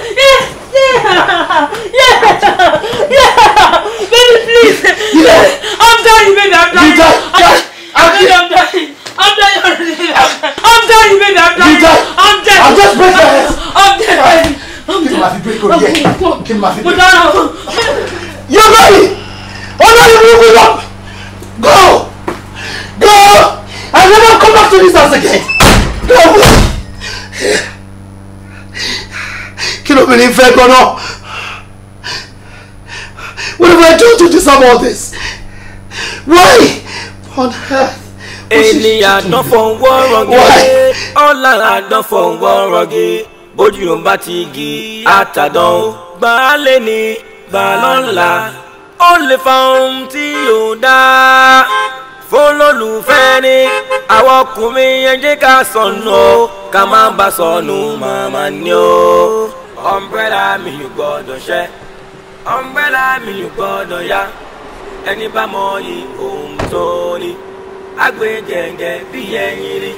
Yeah! Yeah! Yeah! Yeah! Baby, please! Yeah. I'm dying, baby! I'm dying! I'm dying! I'm dying! I'm dying already. I'm dying, baby. I'm dying. I'm dead. I'm just breaking your head. I'm dead, I'm dead. Kí ni màá fi break your head? Kí ni màá fi break your head? Yóò bá mi! Go! Go! I never come back to this house again. Go! Kí lóbìnrin fẹ́ gan-an? What have I done to deserve all this? Why on earth? ènìyàn dán fọwọ́ rọgí ọ̀làrà dán fọwọ́ rọgí bójú ló ń bá ti gi àtàdán gbàálẹ̀ ni gbàlọ́la ó lè fa ohun tí yóò dá fọlọ́lùfẹ́ ni àwọn ọkùnrin yẹn jẹ́ ká sọnù o ká má bàa sọnù màmá ni o ọ̀nbrẹ́là mi yóò gbọ́dọ̀ ṣẹ́ ọ̀nbrẹ́là mi yóò gbọ́dọ̀ yá ẹni bá mọ yìí ohun tó ní agbe jẹ̀ǹjẹ̀ bí ẹyin rí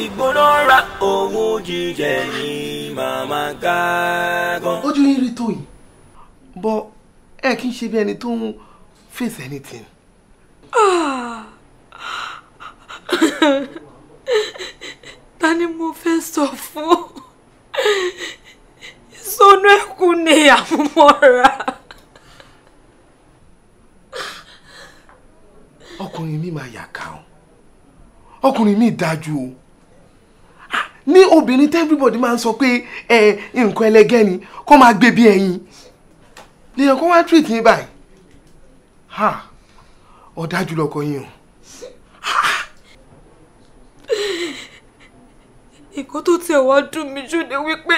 ìgbóná ra owó jíjẹ ní màmá gágan. ojú yín rí tó bọ ẹ kì í ṣe bí ẹni tó ń face anything. Ah! ta ni mo fẹ́ sọ fún ìsọnù ẹkún ni àmúmọ́ra. ọkùnrin mi máa yà ká o ọkùnrin mi dájú o ah, ní obìnrin tí everybody máa ń sọ pé ẹ nǹkan ẹlẹgẹ́ ni kó máa gbé bí ẹyin lèèyàn kó wá treat yín báyìí ha ah, ọ̀dájú lọkọ yín o. ìkó ah. tó tiẹ̀ wá dùn mí jù ni wípé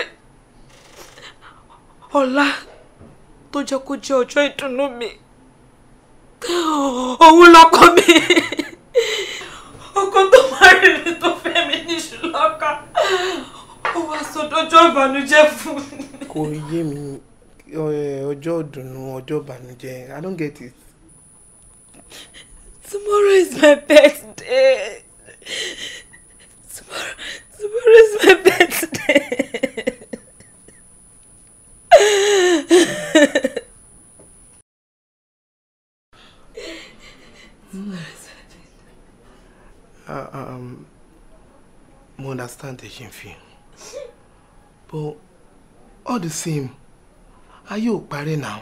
ọ̀la tó jẹ́ kó jẹ́ ọjọ́ ìdùnnú mi òun lọ́kọ mi ọkọ tó máa rí mi tó fẹ́ mi ní ṣùlọ́kà ó wá sọdọ́jọ́ ìbànújẹ́ fún mi. kò yé i don't get it. tomorrow is my best day. tomorrow tomorrow is my birthday. tomorrow Uh, um, mo understand ẹ ṣe but all the same are you parí now?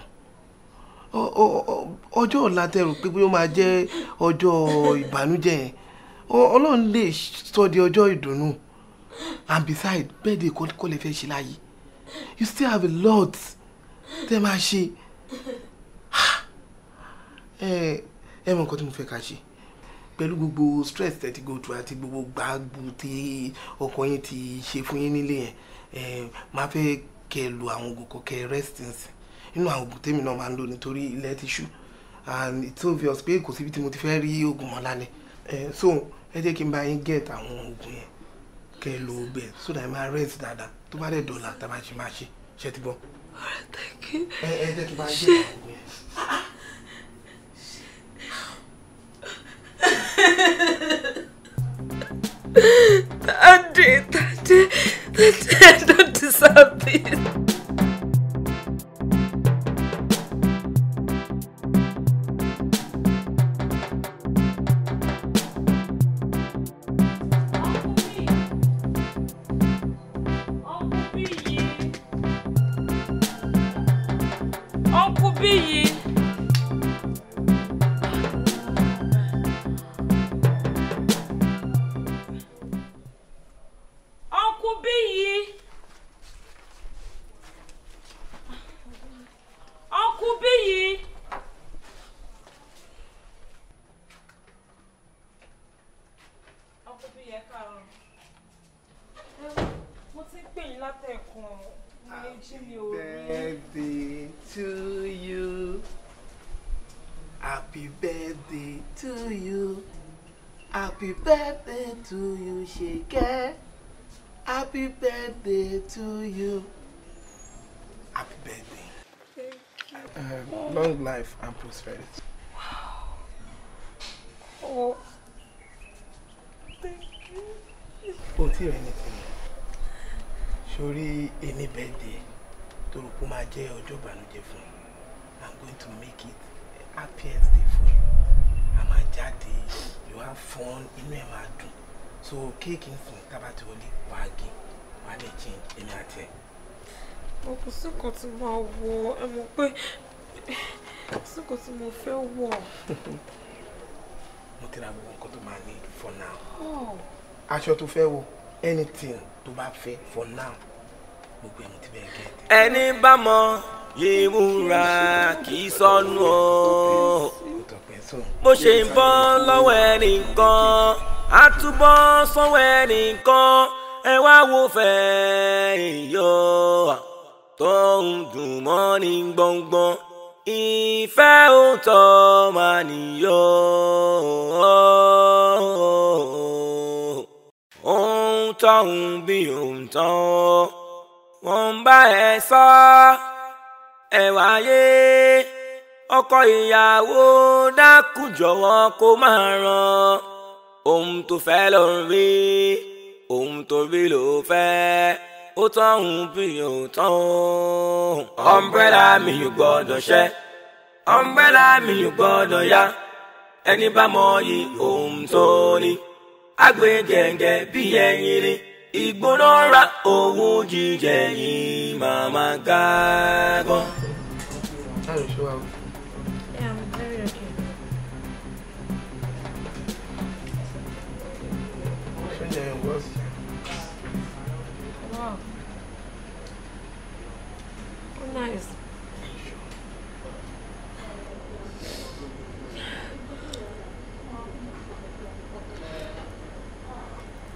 Ojo ọ̀la people you bóyá ó máa jẹ́ ọjọ́ ìbànújẹ́ yẹn ọlọ́run lè sọ di and besides bẹ́ẹ̀ de kọ́ lè fẹ́ ṣe you still have a lot tẹ́ máa ṣe ah, ẹ ẹ mọ nǹkan tí pẹ̀lú gbogbo stress tẹ́ ti go through àti gbogbo gbàgbù tí ọkọ yín ti ṣe fún yín nílé yẹn máa fẹ́ kẹ́ ẹ lo àwọn oògùn kan kẹ́ ẹ rest nsìn nínú àwọn oògùn tèmi náà máa ń lò nítorí ilẹ̀ ti and it's obvious pé kò síbi tí mo ti fẹ́ rí oògùn mọ́ lálẹ́ so ẹ jẹ́ kí n bá yín get àwọn oògùn yẹn kẹ́ ẹ lo so that ẹ máa rest dáadáa tó bá dẹ̀ dọ̀là tá a bá ṣe máa ṣe ṣe ti bọ́. ọ̀rẹ́ tẹ́kí ṣe. ẹ jẹ́ kí n bá yín get àwọn oògùn yẹn. that, that, that, that don't deserve this. Happy birthday to you. Happy birthday. Thank you. Um, long life and prosperity. Wow. Oh. Thank you. Oh, dear anything. Surely, any birthday tó rò pé máa jẹ́ ọjọ́ ìbànújẹ́ fún mi. I'm going to make it a happiest day for you. A máa jáde, you have fun, inú ẹ̀ máa dùn so kéèkì ń sùn tábà tí wọlé wàá gé wàá lè jẹ èmi àti ẹ. mo kò sí nǹkan tí mo wọ ẹ mọ̀ pé sí nǹkan tí mo fẹ́ wọ. mo ti ra gbogbo nǹkan tó máa ní for now. Oh. aṣọ tó fẹ́ wọ anything tó bá fẹ́ for now gbogbo ẹ̀ mo ti bẹ̀rẹ̀ gẹ̀ẹ́dẹ̀. ẹni bá mọ ìmúra kì í sọnù o bó ṣe ń bọ́ lọ́wọ́ ẹnì kan àtúbọ̀ sanwó ẹnìkan ẹ wá wo fẹ́ yọ tó ń dùn mọ́ ní gbọ̀ngbọ̀n ìfẹ́ òótọ́ máa nìyọ. ohun tó bí ohun tán wọ́n ń bá ẹ sọ ẹ wáyé ọkọ ìyàwó dákú jọ̀wọ́ kó máa ràn ohun tó fẹ́ ló ń rí ohun tó rí ló fẹ́ ó tán òun bí òun tán òun. ọ̀mbrẹ́là mi ò gbọ́dọ̀ ṣẹ́ ọ̀mbrẹ́là mi ò gbọ́dọ̀ yá ẹni bá mọ yìí ohun tó ní. agbe gẹ̀ǹgẹ̀ bí ẹyin rí ìgbóná ra òun jíjẹ yìí màmá gágán.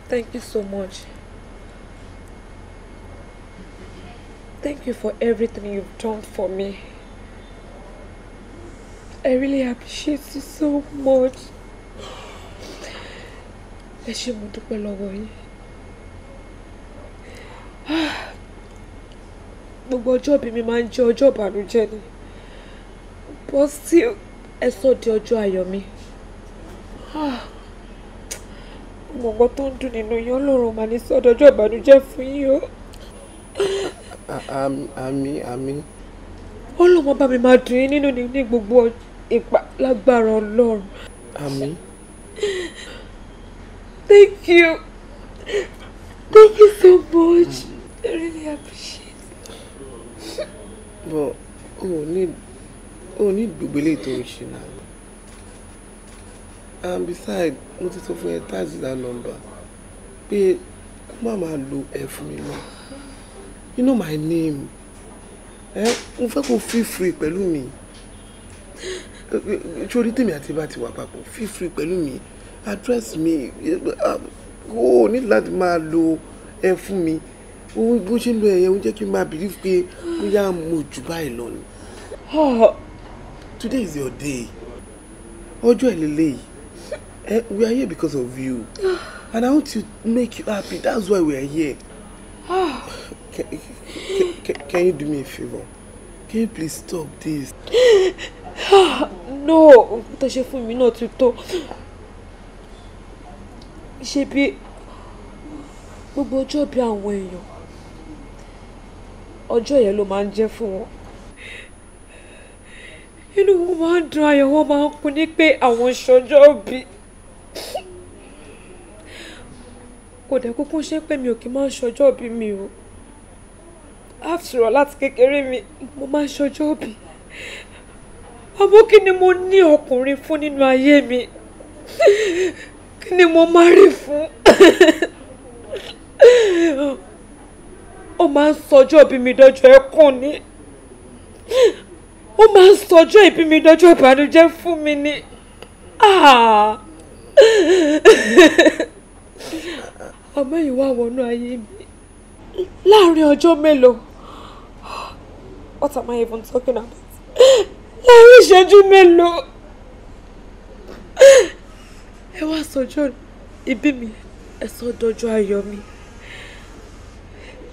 Thank you so much. Thank you for everything you've done for me. I really appreciate you so much. Ẹ ṣé mo dúpẹ́ lọ́wọ́ yín. Gbogbo ọjọ́ bí mi máa ń jẹ́ ọjọ́ ìbànújẹ́ ni. But still, ẹ sọ di ọjọ́ ayọ̀ mi. Ah mọ nǹkan tó ń dùn nínú yín ọlọ́run mà ní sọ́dọ̀jọ́ ìbànújẹ́ fún yín o. àmín àmín. ọlọ́mọ bá mi máa dùn yín nínú ní gbogbo ìgbà lágbára ọlọ́run. àmín. thank you thank you so much i really appreciate it. bọ̀ o ò ní gbogbo eléyìí tó ń ṣe náà and besides mo ti sọ fún ẹ tax that number pé kó má máa lo ẹ fún mi mọ́ you know my name ẹ mo fẹ́ kó feel free pẹ̀lú mi sórí tèmi àti bá ti wà papọ̀ feel free pẹ̀lú mi address mi um, o ní láti máa lo ẹ fún mi bó ṣe ń lo ẹ̀yẹ ó jẹ́ kí n máa believe pé bóyá mo jù báyìí lọ ni ah. today is your day ọjọ́ ìlélẹ́yìí Eh, we are here because of you. and I want to make you happy. That's why we are here. Ah. can, can, can, you do me a favor? Can you please stop this? no, ohun tó ṣe fún mi náà ti tó. Ṣé bí gbogbo ọjọ́ bí àwọn èèyàn, ọjọ́ yẹn ló máa ń jẹ́ fún wọn. Inú wọn máa ń dùn ayọ̀ wọn máa ń kún ní pé àwọn ṣọjọ́ bíi. kò dẹ̀ kúkú ṣe pé mi ò kí máa ń ṣọjọ́ bí mi o after all láti kékeré mi mo máa ń ṣọjọ́ bí àmọ́ kí ni mo ní ọkùnrin fún nínú ayé mi kí ni mo máa rí fún ó máa ń sọjọ́ bí mi dọ́jọ́ ẹkún ni ó máa ń sọjọ́ ìbí mi dọ́jọ́ ìbànújẹ́ fún mi ni. Ah àmọ́ ìwà wọnú ayé mi láàrin ọjọ́ mélòó what am I even talking about láàrin ìṣẹ́jú mélòó ẹ wá sọjọ́ ìbí mi ẹ sọ dọjọ́ ayọ̀ mi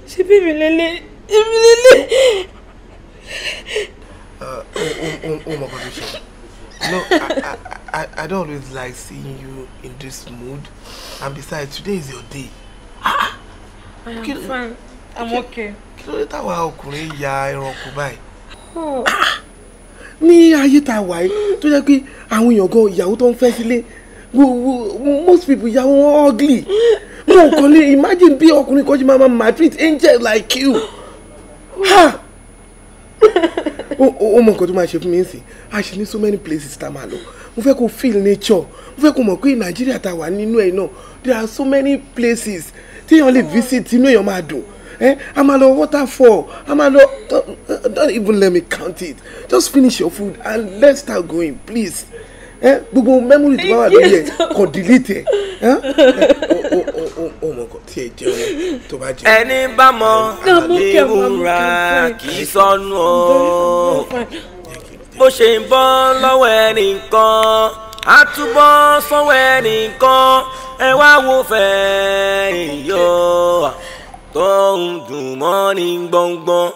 ṣé bí mi lélẹ̀ èmi lélẹ̀. oh mọ̀ kó tó ṣe no I, I, I don't always like seeing you in this mood. And besides, today is your day. Ah, ah. I am fine. I'm kilo, okay. Kí ló dé táwa ọkùnrin ya ẹranko báyìí? Oh. Ah, ní ayé tá a wà yìí tó jẹ́ pé àwọn èèyàn gan ìyàwó tó ń fẹ́ sílé most people ìyàwó wọn ugly. Mo kàn lè imagine bí ọkùnrin kan ṣe máa ma maltreat angel like you. Ha! O mọ nǹkan tó máa ṣe fún mi ń sìn. A ṣe ní so many places tá a máa lọ mo fẹ́ kó feel nature mo fẹ́ kó mọ̀ pé nàìjíríà tá wà nínú ẹ̀ náà there are so many places téèyàn lè mm. visit inú èèyàn máa dùn eh? a máa lọ waterfall a máa lọ don't, even let me count it just finish your food and let's start going please eh? gbogbo memory tó bá wà lórí ẹ kò delete ẹ o mọ kò tí ẹ jẹun tó bá jẹun. ẹni bá mọ àlè kì í sọnù o bó ṣe ń bọ́ lọ́wọ́ ẹnìkan á túbọ̀ sọ́wọ́ ẹnìkan ẹ wá wo fẹ́ yọ tó ń dùn mọ́ ní gbọ̀ngbọ̀n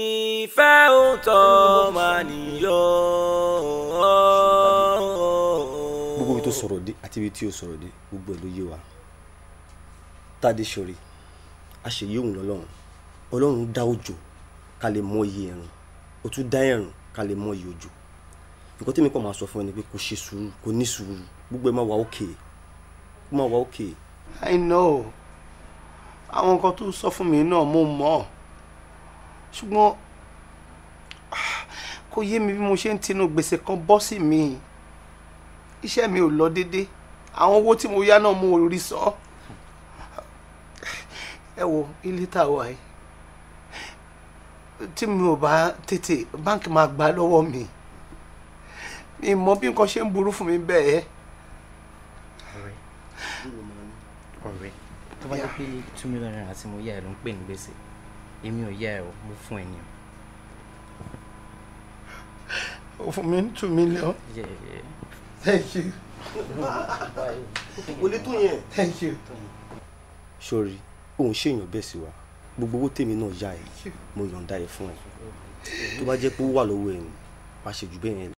ìfẹ́ òótọ́ máa nìyọ. gbogbo ibi tó sọ̀rọ̀ dé àti ibi tí o sọ̀rọ̀ dé gbogbo ẹ̀ ló yé wa tádé sọ̀rẹ́ àṣeyé òun lọ́lọ́run ọlọ́run dá òjò ká lè mọ iye ẹ̀rùn ó tún dá ẹ̀rùn ká lè mọ iye òjò nǹkan tí mi kàn máa sọ fún ẹ ni pé kò ṣe sùúrù kò ní sùúrù gbogbo ẹ máa wà òkè ó máa wà òkè. I know àwọn nǹkan tó sọ fún mi náà mo mọ̀ ọ́ ṣùgbọ́n ah, kò yé mi bí mo ṣe ń tinú gbèsè kan bọ́ sí mi iṣẹ́ mi ò lọ déédé àwọn owó tí mo yá náà mo rí sọ ẹ wo ilé tá a wà yìí tí mi ò bá tètè báńkì máa gbà lọ́wọ́ mi mi mọ bí nǹkan ṣe ń burú fún mi bẹ́ẹ̀. ọ̀rẹ́ tó bá yẹ pé two million naira tí mo yá ẹ ló ń pè ní gbèsè èmi ò yá ẹ o mo fún ẹ ní o. o fún mi ní two million. Yeah, yeah. thank you. olè tó yẹn. thank you. sori òun ṣèyàn bẹ́ẹ̀ sí wa gbogbo owó tèmi náà yá ẹ mo yọ̀ǹda ẹ fún ẹ tó bá jẹ́ pé ó wà lọ́wọ́ ẹ ni ṣe jù bẹ́ẹ̀ yẹn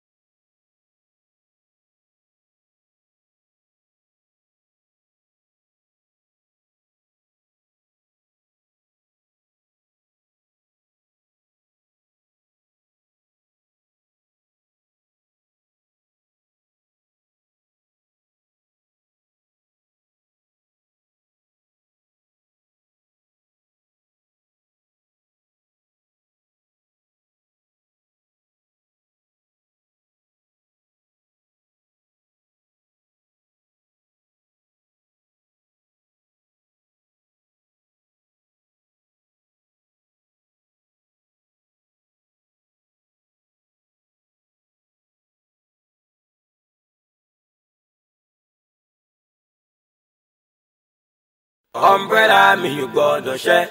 umbrella mi you gbọ́dọ̀ ṣẹ́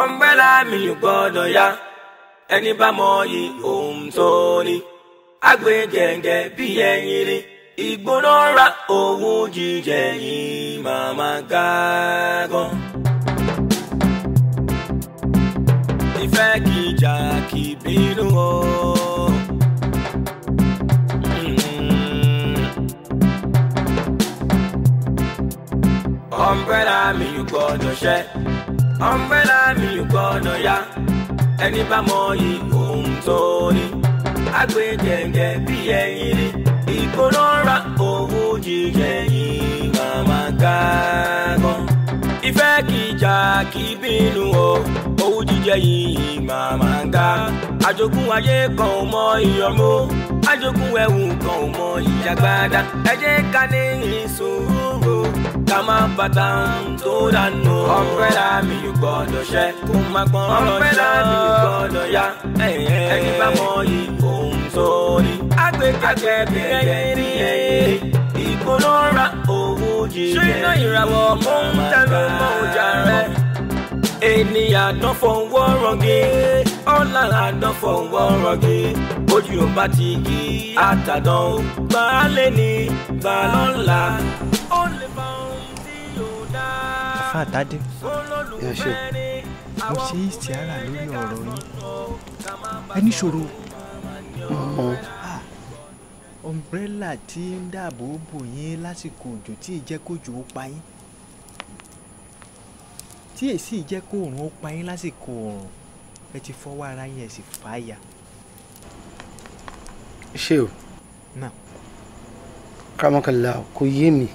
umbrella mi you gbọ́dọ̀ yá ẹni bá mọ yìí ohun tó ní agbe gẹ̀ǹgẹ̀ bí ẹyin ni ìgbóná ra òun jíjẹ yìí màmá gágán. ìfẹ́ kìjà kìbínú o. umbrella mi you gbọ́dọ̀ ṣẹ́ umbrella mi you gbọ́dọ̀ yá ẹni bá mọ ìhùn tó ní agbe gẹ̀ǹgẹ̀ bí ẹyin rí ìkóró ra owó jíjẹ yìí màmá gágán ìfẹ́ kì í bínú o owó jíjẹ yìí màmá gá àjogún ayé kan mọ ìyọ̀mọ́ kájogún ẹ̀wù kan ò mọ ìjàgbádá ẹ jẹ́ ká ní ìṣòro ká má bàtà tó dànù. ọ̀pẹ̀lá mi ò gbọ́dọ̀ ṣẹ́ kó má gbọ́n lọ ṣá. ọ̀pẹ̀lá mi ò gbọ́dọ̀ yá ẹni bá mọ ìfòhùn sórí. agbègbè kẹ́kẹ́ ìkólóra owó jíjẹ. ṣé iná ìràwọ̀ mò ń tẹnu mọ́ ọjà rẹ̀? ènìyàn àdánfọ̀ ń wọ́rọ̀ gé ọ̀là àdánfọ̀ ń bójú ò bá ti kí àtàdán o gbà á lé ní gbà á lọ́la. ó lè bá ohun tí yóò dá. àfa àtàdé ẹ ṣe mo ṣe ìṣìára lórí ọ̀rọ̀ yín ẹ níṣòro ọmbrẹ́là ah, tí ń dáàbò bò yín lásìkò òjò tí ì jẹ́ kójò ó pa yín tí èsì jẹ́ kóòrùn ó pa yín lásìkò òòrùn ẹ ti fọwọ́ ara yín ẹ sì fàáyà ṣé o kàmọkànlá kò yé mi.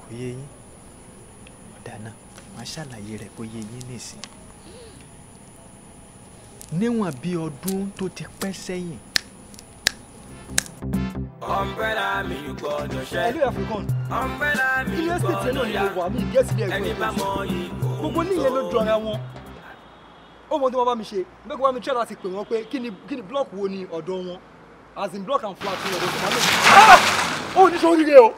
kò yé yín ọ̀dà náà màá ṣàlàyé rẹ̀ kò yé yín nìsín. níwọ̀n bí ọdún tó ti pẹ́ sẹ́yìn. umbrella mi you go ọjọ ṣẹ. ẹlú ẹ̀fọ́ kan. umbrella mi you go ọjọ ya. ilé ẹsẹ̀ tẹ́lẹ̀ ni mo wà mí ìgẹ́sì ní ẹgbẹ́ ìgbésẹ̀. gbogbo níyẹn ló jọra wọn ó mọ tí wọ́n bá mi ṣe bẹ́ẹ̀ kó bá mi try láti pè wọ́n pé kí ni kí ni block wo ni ọ̀dọ̀ wọn as in block and flat ni ọ̀dọ̀ tó máa lò. ó ní sọ oríire o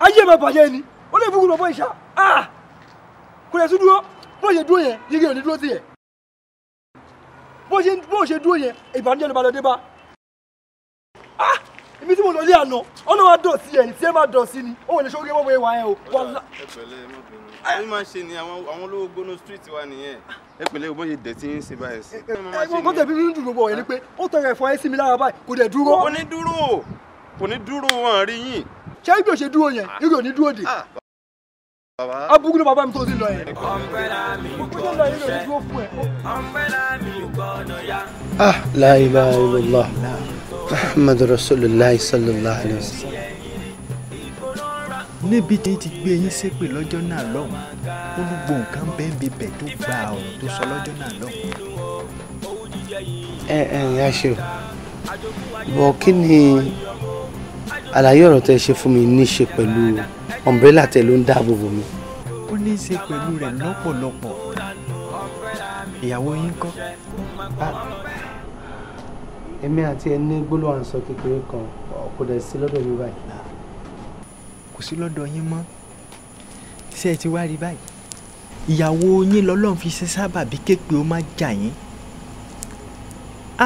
ayé máa bàjẹ́ ni ó lè fún gbogbo ìṣá ah! kò lè tún dúró bó ṣe dúró yẹn yege ò ní dúró tiẹ̀ bó ṣe dúró yẹn ìbànújẹ́ ló bá lọ dé bá ah! ibi tí mo lọ lé àná ọ̀nà máa dọ̀ sí ẹ̀yìn tí ẹ máa dọ̀ sí ni ó lè ṣorí ẹ̀ mọ́ bóyá wà ẹ̀ o. ẹ pẹ̀lẹ́ ẹ má bínú ó máa ṣe ni àwọn olówó gbóná street wa nìyẹn ẹ pẹ̀lẹ́ bó dẹ̀ tí ń ṣe báyìí sí. ẹ mọ kó tẹ̀bí nínú dùgbò ni pé ó tọrọ ẹ̀fọ́ ẹ mi lára báyìí kò dẹ̀ dúró. kò ní dúró kò ní dúró wọn rí yín. ṣé ibi ò ṣe dúró yẹn irú ò ní dúró dè. Ah, abúgbó bàbá mi tó ti lọ yẹn. ọ̀npẹ́lá mi gbọ́dọ̀ ṣẹ́ ah la ilaha illallah muhammadu rasulillah sallallahu alayhi níbi tí ti gbé yín ṣépè lọ́jọ́ náà lọ́hùn olùgbò nǹkan bẹ́ẹ̀ ń bẹ̀bẹ̀ tó gba ọ̀rọ̀ tó sọ lọ́jọ́ náà lọ́hùn. ẹ ẹ ìyá ṣe bọ kí ni àlàyé ọ̀rọ̀ tẹ ṣe fún mi ní í ṣe pẹ̀lú ọ̀mbrẹ́là tẹ ló ń dáàbò bò mí. ó ní í ṣe pẹ̀lú rẹ̀ lọ́pọ̀lọpọ̀ ìyàwó yín kọ́. èmi àti ẹni gbólóhàn sọ kékeré kan kò dẹ̀ sí lọ́dọ̀ mi báyìí kò sí lọ́dọ̀ yín mọ́ ṣé ẹ ti wá rí báyìí ìyàwó yín lọ́lọ́run fi ṣe sábàbí képe ó má jà yín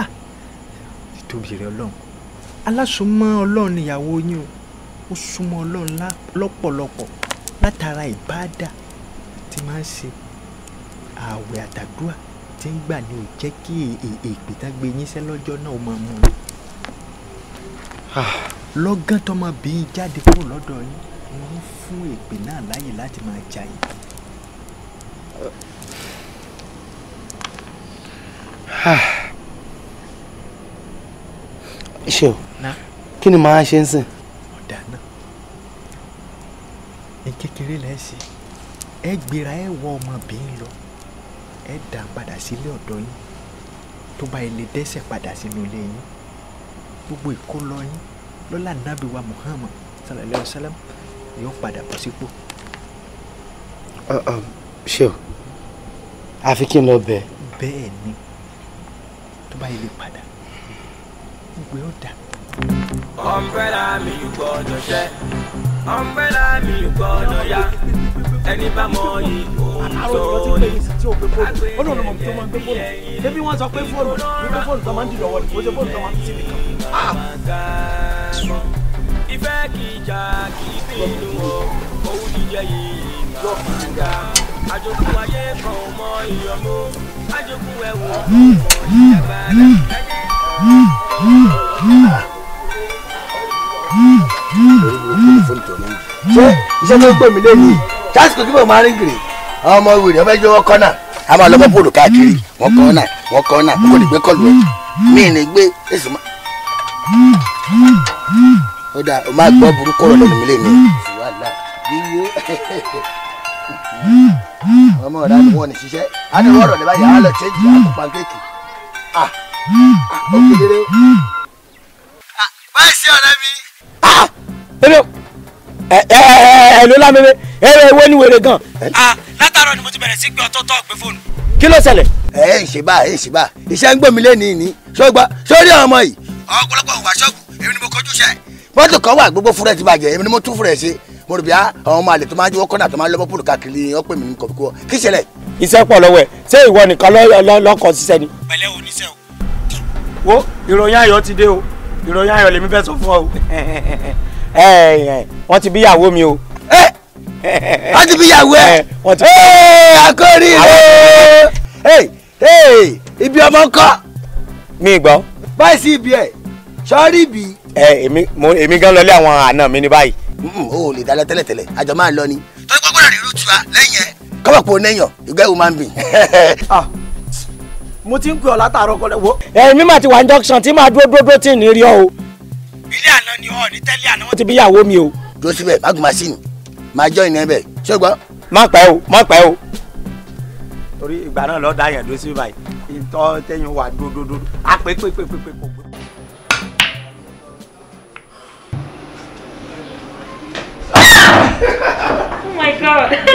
ah títóbi rẹ ọlọ́run alásùnmọ́ ọlọ́run níyàwó yín o ó súnmọ́ ọlọ́run lọ́pọ̀lọpọ̀ látara ìbáàdà tí máa ń ṣe ààwẹ̀ àtàdúrà tí ń gbà ní ò jẹ́ kí èpè e, e, tá gbé yín sẹ́ lọ́jọ́ náà ó máa mú un. Ah lọ́gán tọmọbìnrin jáde kúrò lọ́dọ̀ yín ni wọ́n fún èpè náà láàyè láti máa jayé. ṣe o kí ni màá ṣe ń sìn. ọ̀dà náà ní kékeré lẹ́ ṣe ẹ gbéra ẹ wọ ọmọbìnrin lọ ẹ dà padà sílé ọ̀dọ̀ yín tó bá ilé dẹ́sẹ̀ padà sínú ilé yín gbogbo ìkó lọ yín lọ́lá nàbí wa Muhammad sallallahu Alaihi Wasallam, sallam pada padà bọ̀ sípò. ṣé uh, o um, àfi kí n ni tó bá yẹ lè padà gbé ó dà. ọ̀nbẹ́là mi gbọ́dọ̀ ṣẹ́ ọ̀nbẹ́là mi gbọ́dọ̀ yá ẹni bá mọ ìbò tó ní. ó lọ́nà ẹ̀fọn ìfẹ́ kì í jà kì í bínú o owó jíjẹ yìí máa ń ga àjogún ayé kan mọ ìyọmọ àjogún ẹwọ ọmọ ìyàgbára ẹni ṣé iṣẹ́ tó gbèmí lẹ́yìn jásìkò kí mo máa rìn gìrì ọmọ wèrè ọmọ ẹgbẹ́ wọn kọ́nà a máa lọ́mọ bòlù káàkiri wọn kọ́nà wọn kọ́nà kókò lè gbé kọlù ẹ̀ mí ní gbé èsì máa ó dà ó má gbọ́ burúkú ọ̀rọ̀ lẹ́nu mi lè ní. ọmọ ọ̀dà ni wọ́n ní ṣiṣẹ́ á ní wọ́ọ̀rọ̀ ní báyìí á lọ ṣéǹjì á kó pankéèkì à ó kékeré. báyìí sí ọ̀rẹ́ mi. Ah, ẹ ẹ ẹ ló lámẹ́mẹ́ ẹ ẹ wé ní wèrè gan. Ah, látàárọ̀ ni mo ti bẹ̀rẹ̀ sí gbé ọtọ́ tó ọ̀gbẹ́ fóònù. kí ló ṣẹlẹ̀. ẹ ẹ ṣe bá ẹ ṣe bá iṣẹ́ ń gbòmí lé ní ìní ṣọ́gbà sórí ọmọ yìí. ọ̀pọ̀lọpọ̀ èmi ni mo kọjú iṣẹ́. mọ́tò kan wà gbogbo fúrẹ́ ti bàjẹ́ èmi ni mo tún fúrẹ́ ṣe mo rò bí ah, àwọn ọmọ àlè tó máa ń jẹ́wọ́ kọ́nà tó máa ń lọ́mọ́ pòlù káàkiri wọ́n pè mí ní kọ̀ọ̀kọ̀ kí ṣẹlẹ̀. iṣẹ́ pọ̀ lọ́wọ́ ẹ̀ ṣé ìwọ nìkan lọ́kọ̀ ṣiṣẹ́ ni. pẹ̀lẹ́ o níṣẹ́ o. wo ìròyìn ayọ̀ ti dé o ìròyìn ayọ̀ lèmi fẹ́ sọ fún ọ o. wọ́n ti bíyàwó mi o. wọ́n ti bíyàwó ẹ̀. akórí rẹ̀ ibi ọmọ ń mi gbọ́. báyìí sí ibi ẹ̀ sọ́ríbì. ẹ èmi mo èmi gan lọlé àwọn àna mi ní báyìí. o ò lè dalẹ tẹ́lẹ̀tẹ́lẹ̀ àjọ máa lọ ni. tó gbogbo rẹ̀ rírú tu lẹ́yìn ẹ. kọ́bọ̀ pé o nẹ́yàn you get woman being. Ah. mo ti ń pè ọ́ látàárọ̀ kọ́lẹ́ wo. ẹ mi máa ti wà ní junction tí máa dúró dúró tí ì ní rí ọ o. ilé àná ni ọ ní tẹ́lẹ̀ àná wọn ti bí ìyàwó mi o. dúró síbẹ̀ magun machine máa jọ ìnà ẹbẹ̀ ṣé o gbọ́. torí ìgbà náà lọ́ọ́ dá yẹn dúró síbẹ̀ báyìí ìtọ́ tẹ́yìn wà dúró dúró á pé pé pé pé pé kò It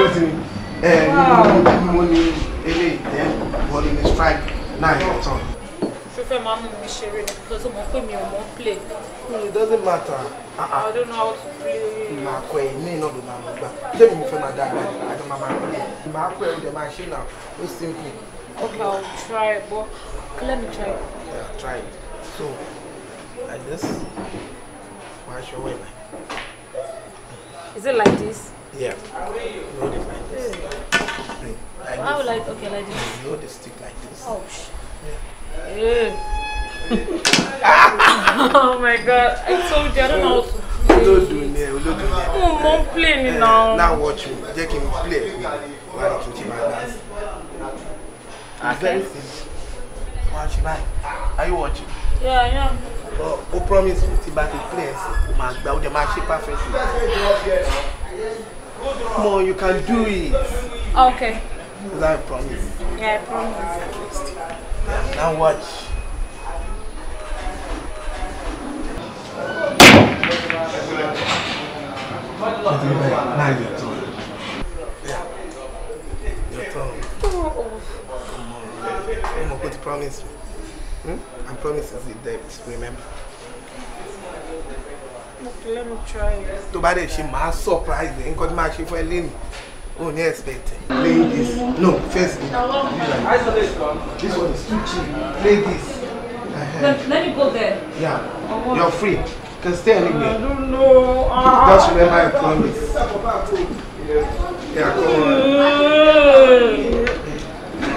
doesn't matter. Ah, ah. I don't know how to play. Màá kọ ẹ̀ ní iná ló máa mú gbà. Ilé mi mo fẹ́ máa dáadáa ní àjọ play. Màá kọ ẹ̀ ó dẹ̀ máa ṣe náà. Okay, I'll try it, but let me try it. Yeah, try it. So, like this. Why should I? Is it like this? Yeah. Roll it like this. Hey. Like How like okay like this? Roll the stick like this. Oh sh! Yeah. oh my god. I told you I don't know how to do ni ẹ olódùn ni ẹ. Oh, mo mọ play ni eh, na. now watch me jẹ́ kí n play ẹ̀ wá ní kí n ṣe máa dance. very simple. wọ́n are you watching. yeah yeah. Oh, o oh, promise me ti bá ti play ẹ̀ sí o máa gba o jẹ máa ṣe perfect. Come on, you can do it. Okay. That I promise. Yeah, I promise. Now watch. Now your turn. Yeah. Your turn. Come on. Come on, promise me. Hmm? I promise it's a debt, remember? tó bá dẹ̀ ṣe máa surprise ẹ̀ nǹkan tí máa ṣe fún ẹ lẹ́nu òun ní expect. play no first this this one is too cheap Ladies, Uh-huh. let, me go there. yeah oh, you're free you can stay anywhere. I don't know. Ah, just remember your promise. yeah come on.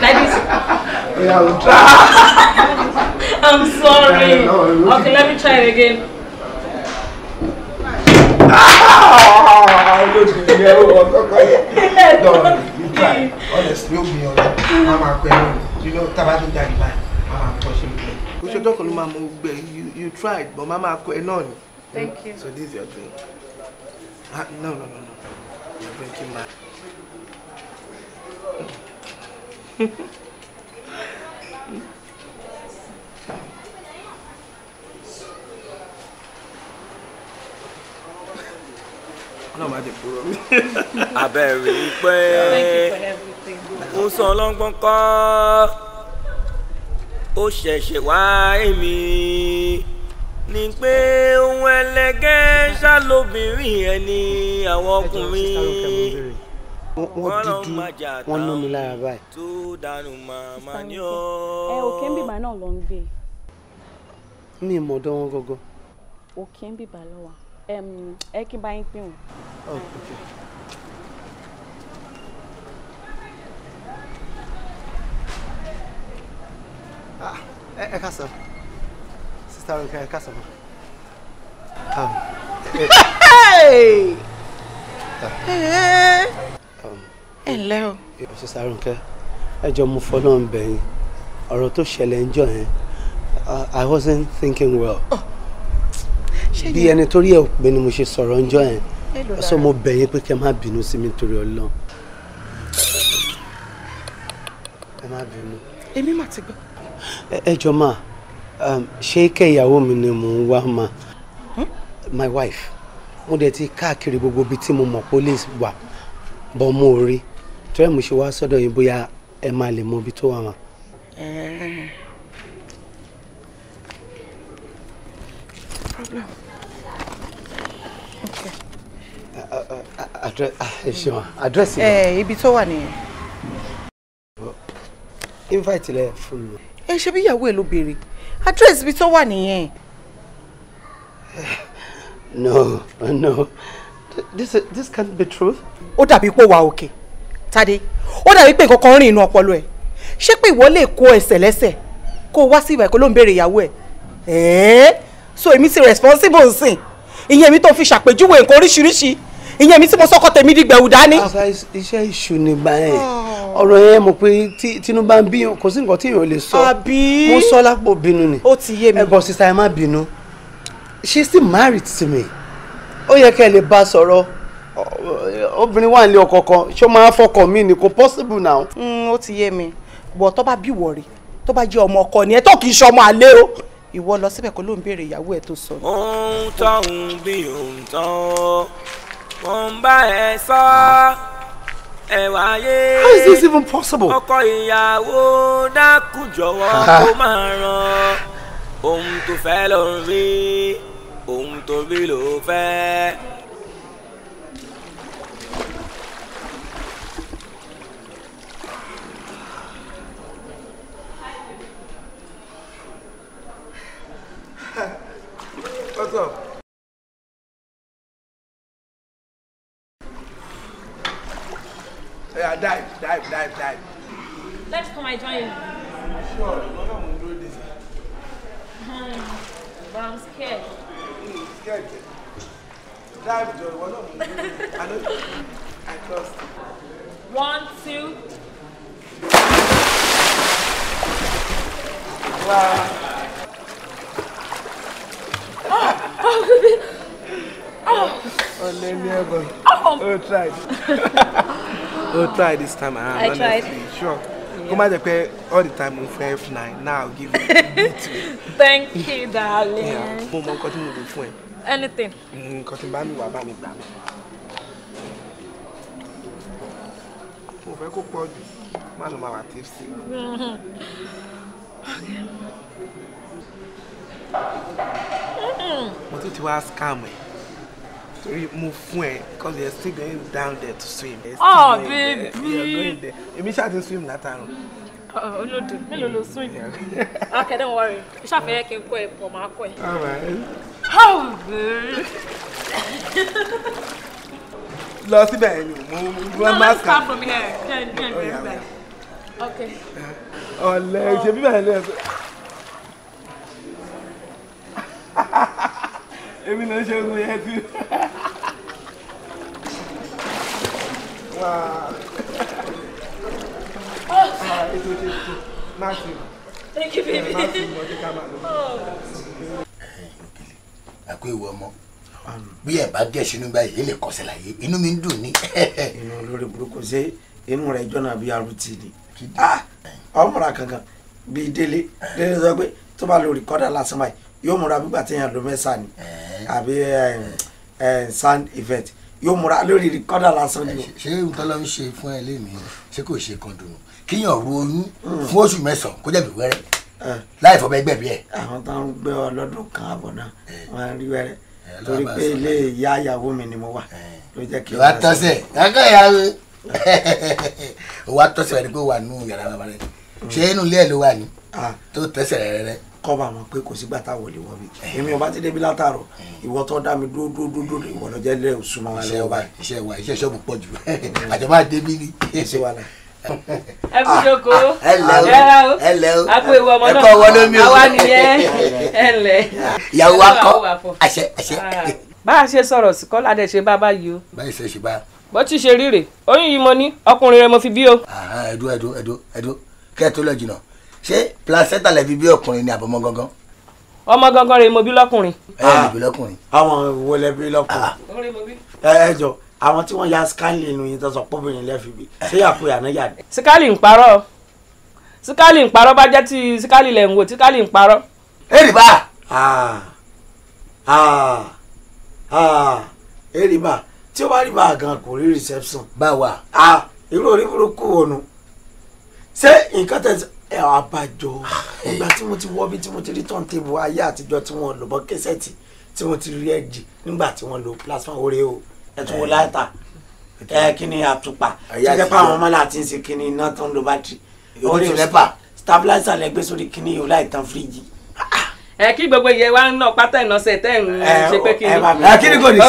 yeah I I'm sorry. Yeah, no, okay let me try it again olóòtú yẹ owó kọ́kọ́ yẹ lọ nípa honestly ó gbìyànjú a máa pẹ́ lọ nínú tábà tó jáde báyìí a máa kọ́ ṣe gbẹ. o you tried but Mama, máa kọ thank you. so this is your drink. ah no no no no you drinking my. ọlọ́run máa jẹ kúrò. àbẹ̀rẹ̀ pé ń sọ ọlọ́gbọ́n kọ́ ó ṣẹ̀ṣẹ̀ wá èmi ni pé ohun ẹlẹgẹ́ ṣàlóbìnrin ẹni àwọn ọkùnrin wọ́n dúdú wọ́n ná mi lára báyìí. tó dànù màmá ni ó. ẹ òkè ń bìbà náà ló ń gbé. mi ì mọ̀ ọ̀dọ̀ wọn gangan. òkè ń bìbà lọ́wọ́ ẹ kí n pín o. ẹ ká sista rẹ ẹ ká mọ. ẹ ǹlẹ́ o. sista Rónkẹ́ ẹ jọ mo fọlọ́ ń bẹ̀yìn ọ̀rọ̀ tó ṣẹlẹ̀ ń jọ yẹn I wasn't thinking well. Oh bí ẹni tó rí ẹ pé ni mo ṣe sọ̀rọ̀ ọjọ́ yẹn ọsọ mo bẹ̀ yín pé kẹ́ má bínú sí mi nítorí Ọlọ́run ẹ má bínú. èmi mà ti gbọ́. ẹ jọ máa um, ṣé kẹ́ ìyàwó mi ni mò ń wá ma hm? my wife mo dẹ̀ ti káàkiri gbogbo ibi tí mo mọ̀ police wà bọ́ mo rí torí ẹ̀ mo ṣe wá sọ́dọ̀ yín bóyá ẹ máa lè mọ ibi tó wà mà. Address, ẹ ṣeun, address yẹn. ibi to wa ni. Invite le fún mi. Ẹ ṣe bí ìyàwó ẹ ló Address ibi tó wà nìyẹn. No, no. This, this can't be true. Ó dàbí pé ó wà òkè. Tade, ó dàbí pé nǹkan kan rìn inú ọpọlọ ẹ̀. Ṣé pé ìwọ lè kó ẹsẹ̀ lẹ́sẹ̀ kó o wá sí ìwà ẹ̀kọ́ ló ń béèrè ìyàwó ẹ̀? so èmi ti responsible nsìn ìyẹn mi tó fi ṣàpèjúwe nǹkan oríṣiríṣi ìyẹn mi tí mo sọkọ tèmi di gbẹ̀wù dání. iṣẹ́ ìṣù nígbà yẹn ọ̀rọ̀ yẹn mọ̀ pé tinú ń bíyàn kò sí nǹkan tí èèyàn lè sọ mo sọ lápò bínú ni ó ti yé mi ẹ̀bọ̀ sísá ẹ má bínú she still married to me ó yẹ kẹ́ ẹ lè bá sọ̀rọ̀ obìnrin wà nílé ọkọ kan ṣé ó máa fọkọ mi ni kò possible now. Mm, ó ti yé mi bọ̀ tó bá bí wọ̀rì tó bá jẹ́ ọmọ ọkọ ni ẹ tó kì í ṣe ọmọ o ìwọ lọ síbẹ̀ kó ló ń béèrè ìyàwó ẹ̀ tó sọ. ohun tóun bí ohun tán mo ń bá ẹ sọ ẹ wáyé ọkọ ìyàwó dákun jọ̀wọ́ kó máa ràn ohun tó fẹ́ ló ń rí ohun tó bí ló fẹ́. What's up? Yeah, dive, dive, dive, dive. Let's come, I join you. Sure, but I'm gonna do this. Hmm, but I'm scared. Mm, scared. Dive, Joy, what I'm gonna do this. I know, I trust. One, two. Wow. Only never. Oh, tried. oh, try this time around. I honestly. Sure. Yeah. Come out pay all the time on fair F9. Now I'll give you. Thank you, darling. Yeah. Mom, I'm cutting with the phone. Anything. Mm, cutting by me, what about me, baby? Mo fẹ́ kó pọ̀ jù, má lọ mm-hmm. Okay mo tún ti wá scam ẹ torí mo fún ẹ because you are still going down there to swim. oh baby èmi ṣáà ti swim látàrún. Uh, olódò mélòó ló swim okay don't worry o ṣàfihàn kí n kọ ẹ pọ̀ máa kọ ẹ. oh baby. lọ síbẹ̀ yẹn ni mo mo máa kà. ọ̀lẹ́ ṣe bíbẹ̀ yẹn lẹ́yìn. ah ah ah ah ah ah Thank you, baby. ah ah ọmọ bí ẹ bá ah ah ah ah lè kọsẹ̀ láyé inú mi ń dùn ní. Inú olórí burúkú ṣe inú rẹ̀ ah ah arúti ni. Ọmọ ra kankan bíi délé délé sọ pé tó bá lórí kọ́dà lásán báyìí yóò múra gbígbà téèyàn ló mẹ́sà ni àbí sound effect yóò múra lórí rìkọ́dà lásán ni. ṣé nǹkan ló ń ṣe fún ẹ lémi ṣé kò ṣe kan dùn kíyàn ru oyún hmm. fún oṣù mẹ́sàn-án kó jẹ̀bi wẹ́rẹ́ láì fọ́ bẹ́ẹ̀ gbẹ̀bí ẹ̀. àwọn tó ń gbé ọ lọ́dún kan àbọ̀ náà wọ́n rí wẹ́rẹ́ torí pé ilé ìyá ìyàwó mi ni mo wà ló jẹ́ kí n. ìwà tọ́sẹ̀ ìwà tọ́sẹ̀ rẹ̀ ni pé wà nù yàrá hmm. ẹ̀ ló wà ní tó tẹ́sẹ̀ rẹ̀ kọ́ bá mọ̀ pé kò sígbà táwọn ò lè bí èmi ọba ti débi látàrọ̀ ìwọ tó dá mi dúró dúró dúró ìwọ lọ jẹ́ lẹ́yìn oṣù máa lẹ́yìn ọba yìí. wa iṣẹ́ ṣọ́ọ̀bù pọ̀ jù àjọba débi ni. iṣẹ́ wa la. ẹ kú joko ah, ẹ lẹ o àpò ìwọ ọmọ náà àwa nìyẹn ẹ lẹ. ìyàwó wa kọ àṣẹ àṣẹ. Ah. bá a ṣe sọ̀rọ̀ sí kọ́lá ṣe bá báyìí o. báyìí ṣe ṣe bá. bó ti ṣe ríre oyún yìí mo ní ọkùnrin rẹ mo fi bí o. Ah, ẹ̀dùn ẹ̀dùn ẹ̀dùn ẹ̀dùn kẹ́ẹ̀ tó lọ jìnnà ṣé placenta lẹ fi bí ọkùnrin ni àbọ̀mọ́ gangan. ọmọ gangan rẹ mo bí lọkùnrin. ẹ ẹ bí lọkùnrin. àwọn wo lẹ bí lọkùnrin. Ah. ẹ ẹ jọ àwọn tí wọn ya scanlin nu yìí tó pọbìnrin lẹfi bi ṣé yàkuyà náà yà dé. sikali ń parọ́ sikali ń parọ́ bá jẹ́ ti sikali lẹ̀ ń wò sikali ń parọ́. èrìbá èrìbá ah. ah. tí ó bá rí bá gan kò rí reception. báwa. irú orí burúkú wo nu ṣé nǹkan tẹ̀sí ẹ abájọ ìgbà tí mo ti wọ́ bí tí mo ti rí tọ́ǹtébù ayé àtijọ́ tí wọ́n lò bọ́ kẹsẹ̀tì tí mo ti rí ẹ̀jì nígbà tí wọ́n lò plasma oore o ẹ̀tún wo láìta ẹ̀ kíni àtùpà tí jẹ́ pé àwọn ọmọ láti ń ṣe kíni iná tó ń lo bátìrì orí rẹ́pà stabilizer lẹ gbé sórí kíni yìí o láìtan fíríjì ẹ kí gbogbo yẹ wá ń ná pátá ìnáṣẹ tẹ ń ṣe pé kí ni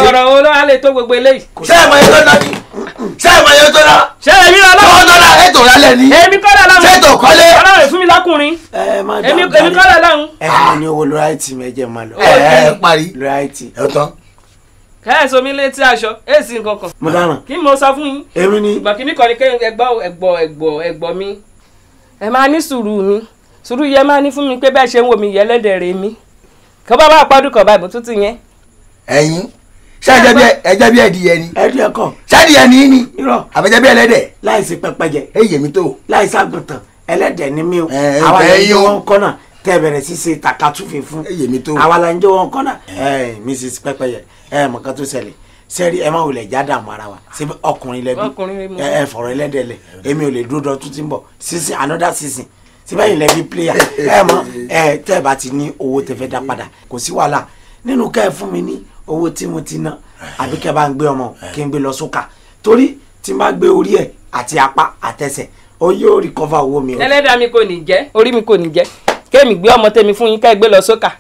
ọ̀rọ̀ wo ló wá lè tó gbogbo eléyìí. ṣé ẹ mọ ni ṣé ìmọ̀ yẹn tó la. ṣé èmi la lọ́wọ́. tọ́wọ́ tó la ètò rẹ lẹ́ni. èmi kọ́ la lọ́wọ́. ṣètò kọ́lé. ọlọ́run fún mi lákùnrin. ẹ má dàgbà èmi kọ́ la lọ́wọ́. ẹ ah. mo ní owó lóra ìtì mẹ́jẹ̀ máa lọ. ẹ ẹ parí. lóra ìtì. ẹ tán. kẹ́hìnsó mi létí aṣọ èsì nǹkan kan. mo dáràn. kí mo sọ fún yín. èmi ni. ìgbà kìíní kọ́ni kẹ́hìn ẹgbọ́ ẹgbọ́ ẹgbọ́ ẹgbọ́ mi. ẹ máa ní sùúrù mi sùúrù yẹn máa ní fún mi pé bẹ́ẹ̀ ṣe ń wò mí yẹlẹ́dẹ̀ẹ́rẹ́ mi kọ́ bá bá àpọ́dún kan báyìí mo tún ti yẹn. ẹyin ṣáàjẹ bí ẹjẹ bí ẹdìyẹ ni. ẹdìyẹ kọ. ṣáàdìyẹ ni ni. irọ́ àbẹjẹ bí ẹlẹ́dẹ̀. láìsí pẹpẹjẹ. eyè mi tó. láìsí àgùntàn ẹlẹ́dẹ̀ ni mí o. àwa lè yí wọn kọ́nà tẹ bẹ̀rẹ̀ sí ṣe takatúfe fún. eyè mi tó. àwa lè ń jẹ wọn kọ́nà. ẹ mrs pẹpẹyẹ ẹ mọ kan tó ṣẹlẹ̀ sẹ́rí ẹ má wulẹ̀ já dààmú ara wa ṣé ọkùnrin lẹ́bi ẹ fọ̀rọ̀ ẹlẹ́dẹ̀ lẹ̀ èmi ò lè dúró dọ́ tún ti ń bọ̀ season another season síbẹ̀ yìí lẹ́bi player ẹ mọ ẹ tẹ́ ẹ bá ti ní owó tẹ fẹ́ dá mi ní owó tí mo ti ná àbí kí ẹ bá ń gbé ọmọ kí n gbé lọ sókà torí tí n bá gbé orí ẹ àti apá àtẹsẹ̀ ó yóò rìkọ́fà owó mi. ẹlẹ́dàá mi kò ní jẹ́ orí mi kò ní jẹ́ kémi gbé ọmọ tèmi fún yín ká ẹ gbé lọ sókà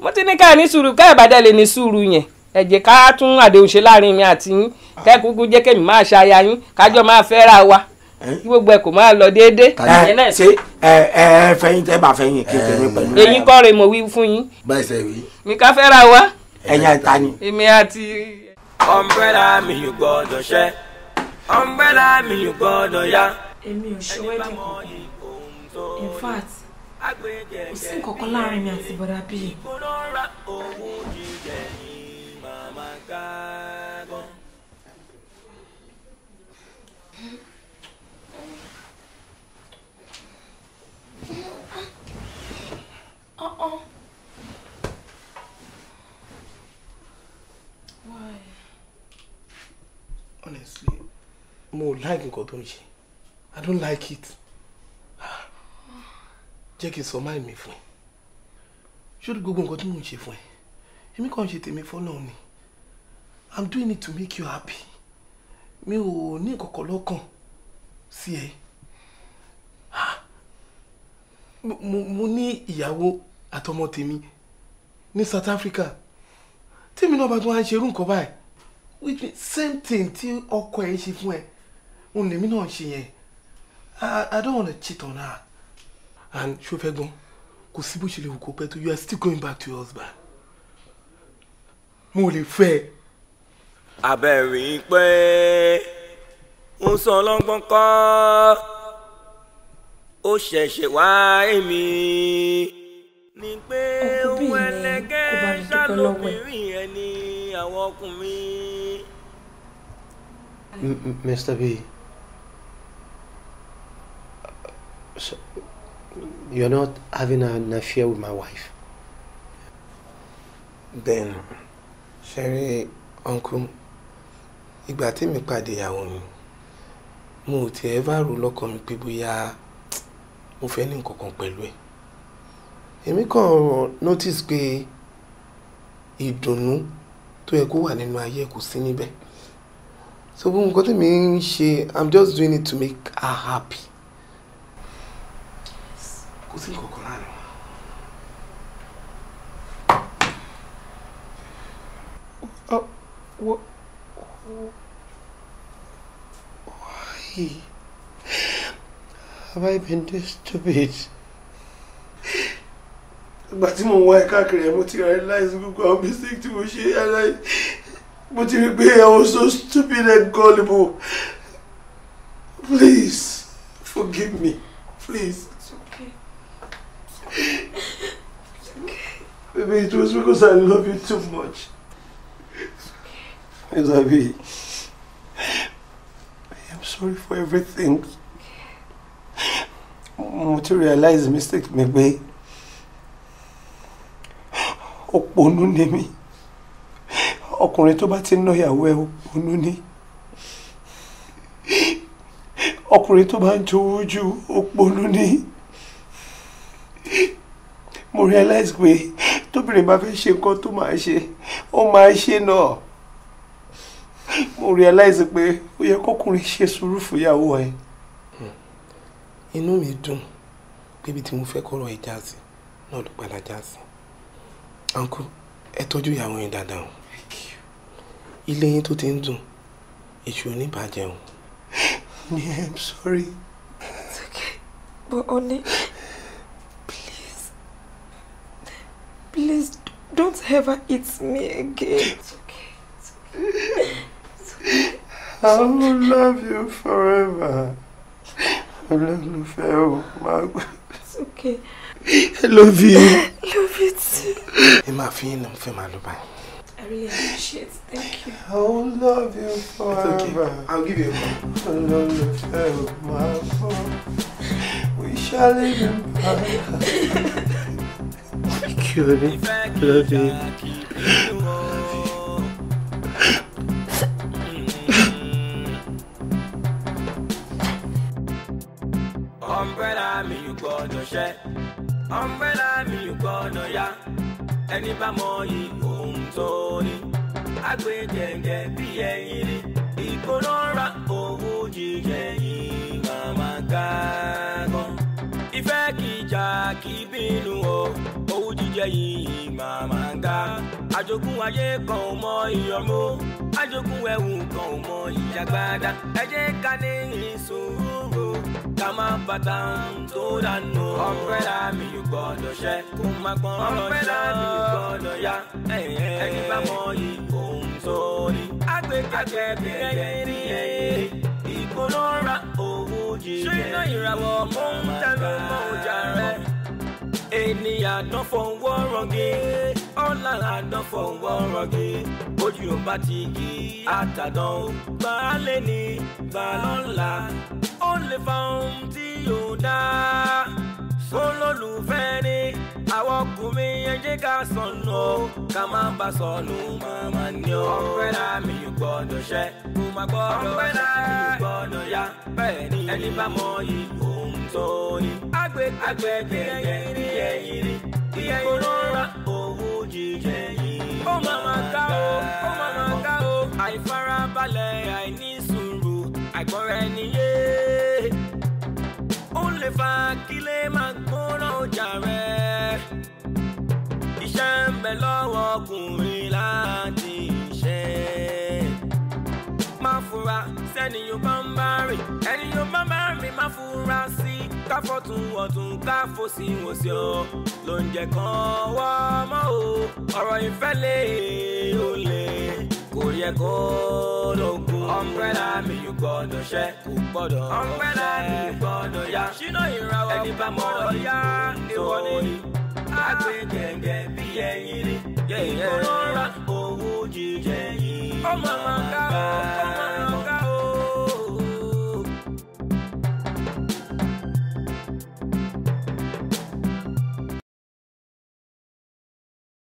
mo ti ní ká ní sùúrù ká ìbàdàn lè ní sùúrù yẹn ẹ ká tún àdéhùn ṣe láàrin mi àti yín ah. kẹkùkù jẹ́ kémi máa ṣe yín kájọ máa fẹ́ra wa kí gbogbo ẹ kò máa lọ déédé. ṣe ẹ ẹ fẹ̀yìn tẹ bá fẹ̀yìn kí n tẹ̀lé pẹ̀lú. èyí kọ́ rè mo wí fún yín. báyìí sẹ́yìn. mi ká fẹ́ra wa. ẹ̀yin àìta ni. èmi àti. umbrella mi yóò umbrella mi yóò ṣe wedding kankan in fact kò sí láàrin mi àti bọ̀dà bíi. uh uh-uh. honestly mo like nǹkan tó ń ṣe i don't like it jẹ́ kí n sọ máì mi fún ẹ ṣóòtú gbogbo nǹkan tí ń ṣe fún ẹ èmi kàn ṣe tèmi fọ́lọ́run ni i'm doing it to make you happy mi ò ní ìkọ̀kọ̀ lọ́kàn sí ẹ ah! mo ní ìyàwó àtọmọ tèmi ní South Africa tèmi náà bá tún wá ń ṣerú nǹkan báyìí With me, same thing tí ọkọ ẹ ṣe fún ẹ òun lèmi náà ṣe yẹn i don't want to cheat on her and ṣó fẹ́ gbọ́n kò sí bó ṣe lè wù kó pẹ́ you are still going back to your husband mo lè fẹ́ ẹ. àbẹ̀rí pé ń sọ ọlọ́gbọ́n kọ́ ó ṣẹ̀ṣẹ̀ wá èmi ni pé òun ẹlẹgẹ́ ṣàlóbìnrin ẹni àwọn ọkùnrin. M Mr. B. So, you're not having an affair with my wife? Then, Sherry, uncle, ìgbà tí mi pàdé ìyàwó mi, mo ò tiẹ̀ bá rò lọ́kàn mi pé bóyá mo fẹ́ ní nǹkan kan pẹ̀lú notice pé ìdùnnú tó yẹ kó wà nínú ayé kò sí níbẹ̀ so gbogbo nǹkan tèmi ń ṣe i'm just doing it to make her happy. kò sí nǹkan kan oh, Why have I been this stupid? Ìgbà tí mo ń wá ẹ káàkiri ẹ̀ mo ti realize gbogbo àwọn mistake tí mo ṣe and I But you I was so stupid and gullible. Please, forgive me. Please. It's okay. It's okay. Maybe it was because I love you too much. It's okay. Maybe. I am sorry for everything. Mo ti realize mistake maybe. pé òpònú ni mi ọkùnrin tó bá ti ń náyàwó ẹ òpònú ni ọkùnrin tó bá ń jowó ju òpònú ni mo realize pé tóbìnrin bá fẹ́ ṣe nǹkan tó máa ṣe ó máa ṣe náà mo realize pé ó yẹ kọkùnrin ṣe sùúrù fúyàwó ẹ. inú mi dùn bíbi tí mo fẹ́ kọ́rọ̀ ẹ̀ já sí náà ló padà já uncle ẹ tọ́jú ìyàwó yín dáadáa o ilé yín tó ti ń dùn èṣù oníbàjẹ́ o. mi i'm sorry. it's okay but only, please please don't ever hit me again. it's okay it's okay. It's okay. I will love you forever. Olólùfẹ́ o, máa gbà. It's okay. I love you. I love you too. Ẹ máa fi yín náà fẹ́ máa lọ báyìí. I really appreciate it. Thank you. I will love you forever. It's okay. I'll give you a hug. I love you forever, my boy. We shall live in paradise. Love you. Love you. umbrella me you gbọ́dọ̀ share. umbrella me you gbọ́dọ̀ ya. Yeah. ẹni bá mọ ìhùn tó ní. àgbẹ̀ gẹ̀ǹgẹ̀ bí ẹyin ni ìkóràn ra owó jíjẹ yìí màmá gágán ìfẹ́ kì í jà kì í bínú o owó jíjẹ yìí màmá ń ga àjogún ayé kan ò mọ ìyọ̀mó àjogún ẹ̀wù kan ò mọ ìjàgbádá ẹ ká ní ìṣòro ká má bàtà tó dànù. ọ̀pẹ́ la mi ò gbọ́dọ̀ ṣẹ́ kó má pọ́n lọ ṣọ́ ọ̀pẹ́ la mi ò gbọ́dọ̀ yá ẹni bá mọ ìfòhùn sórí. àgbẹ̀kẹ̀kẹ̀ bí ẹyẹ rí ẹyẹ ìkólóra òun méjì bẹ́ẹ̀. ṣé iná ìràwọ̀ mò ń tẹnu mọ́ ọjà rẹ. ènìyàn dán fọwọ́ rọgí ọ̀là àdán fọwọ́ rọgí ojú ò bá ti yí àtàdán baálé ni baálọ́la ó lè fa ohun tí yóò dáa olólùfẹ́ ni àwọn ọkùnrin yẹn jẹ́ ká sọnù o ká má bá sọnù màmá ni o. ọpẹ́ náà mi gbọ́dọ̀ ṣẹ́ kó má gbọ́dọ̀ ṣe mi gbọ́dọ̀ ya, bẹ́ẹ̀ ni ẹni bá mọ yìí ohun tó ní. agbègbè gẹ́gẹ́ ní ẹ̀yìn ni iye ìrora owó jíjẹ yìí. ó máa ká o ó máa ma ká o àìfarabalẹ̀ àìní sùúrù àìgbọ́ra ẹni lè fa kílé máa gbóná ọjà rẹ̀. Iṣẹ́ ń bẹ lọ́wọ́ ọkùnrin láti ṣe. Má fura sẹ́ni yóò bá ń bá rìn. Ẹni yóò bá bá rìn má fura sí. Káfọ́tún ọ̀tún káfọ́sí wòsí o. Ló ń jẹ́ kán wọ́ ọmọ o. Ọ̀rọ̀ ìfẹ́ lè olè kò yẹ kó lóògùn. ọ̀npẹ́lá mi yóò gbọ́dọ̀ ṣẹ́ kò gbọ́dọ̀ ṣẹ́. ọ̀npẹ́lá mi yóò gbọ́dọ̀ ya. ṣínà ìràwọ̀ ẹni bá mọ̀rọ̀ yá ìwọ ni. àgbẹ̀ ah. gẹ̀gẹ̀ bí ẹyin ni. ìkọlọ́ra owó jíjẹ yìí. ọmọ màkà ọmọ màkà.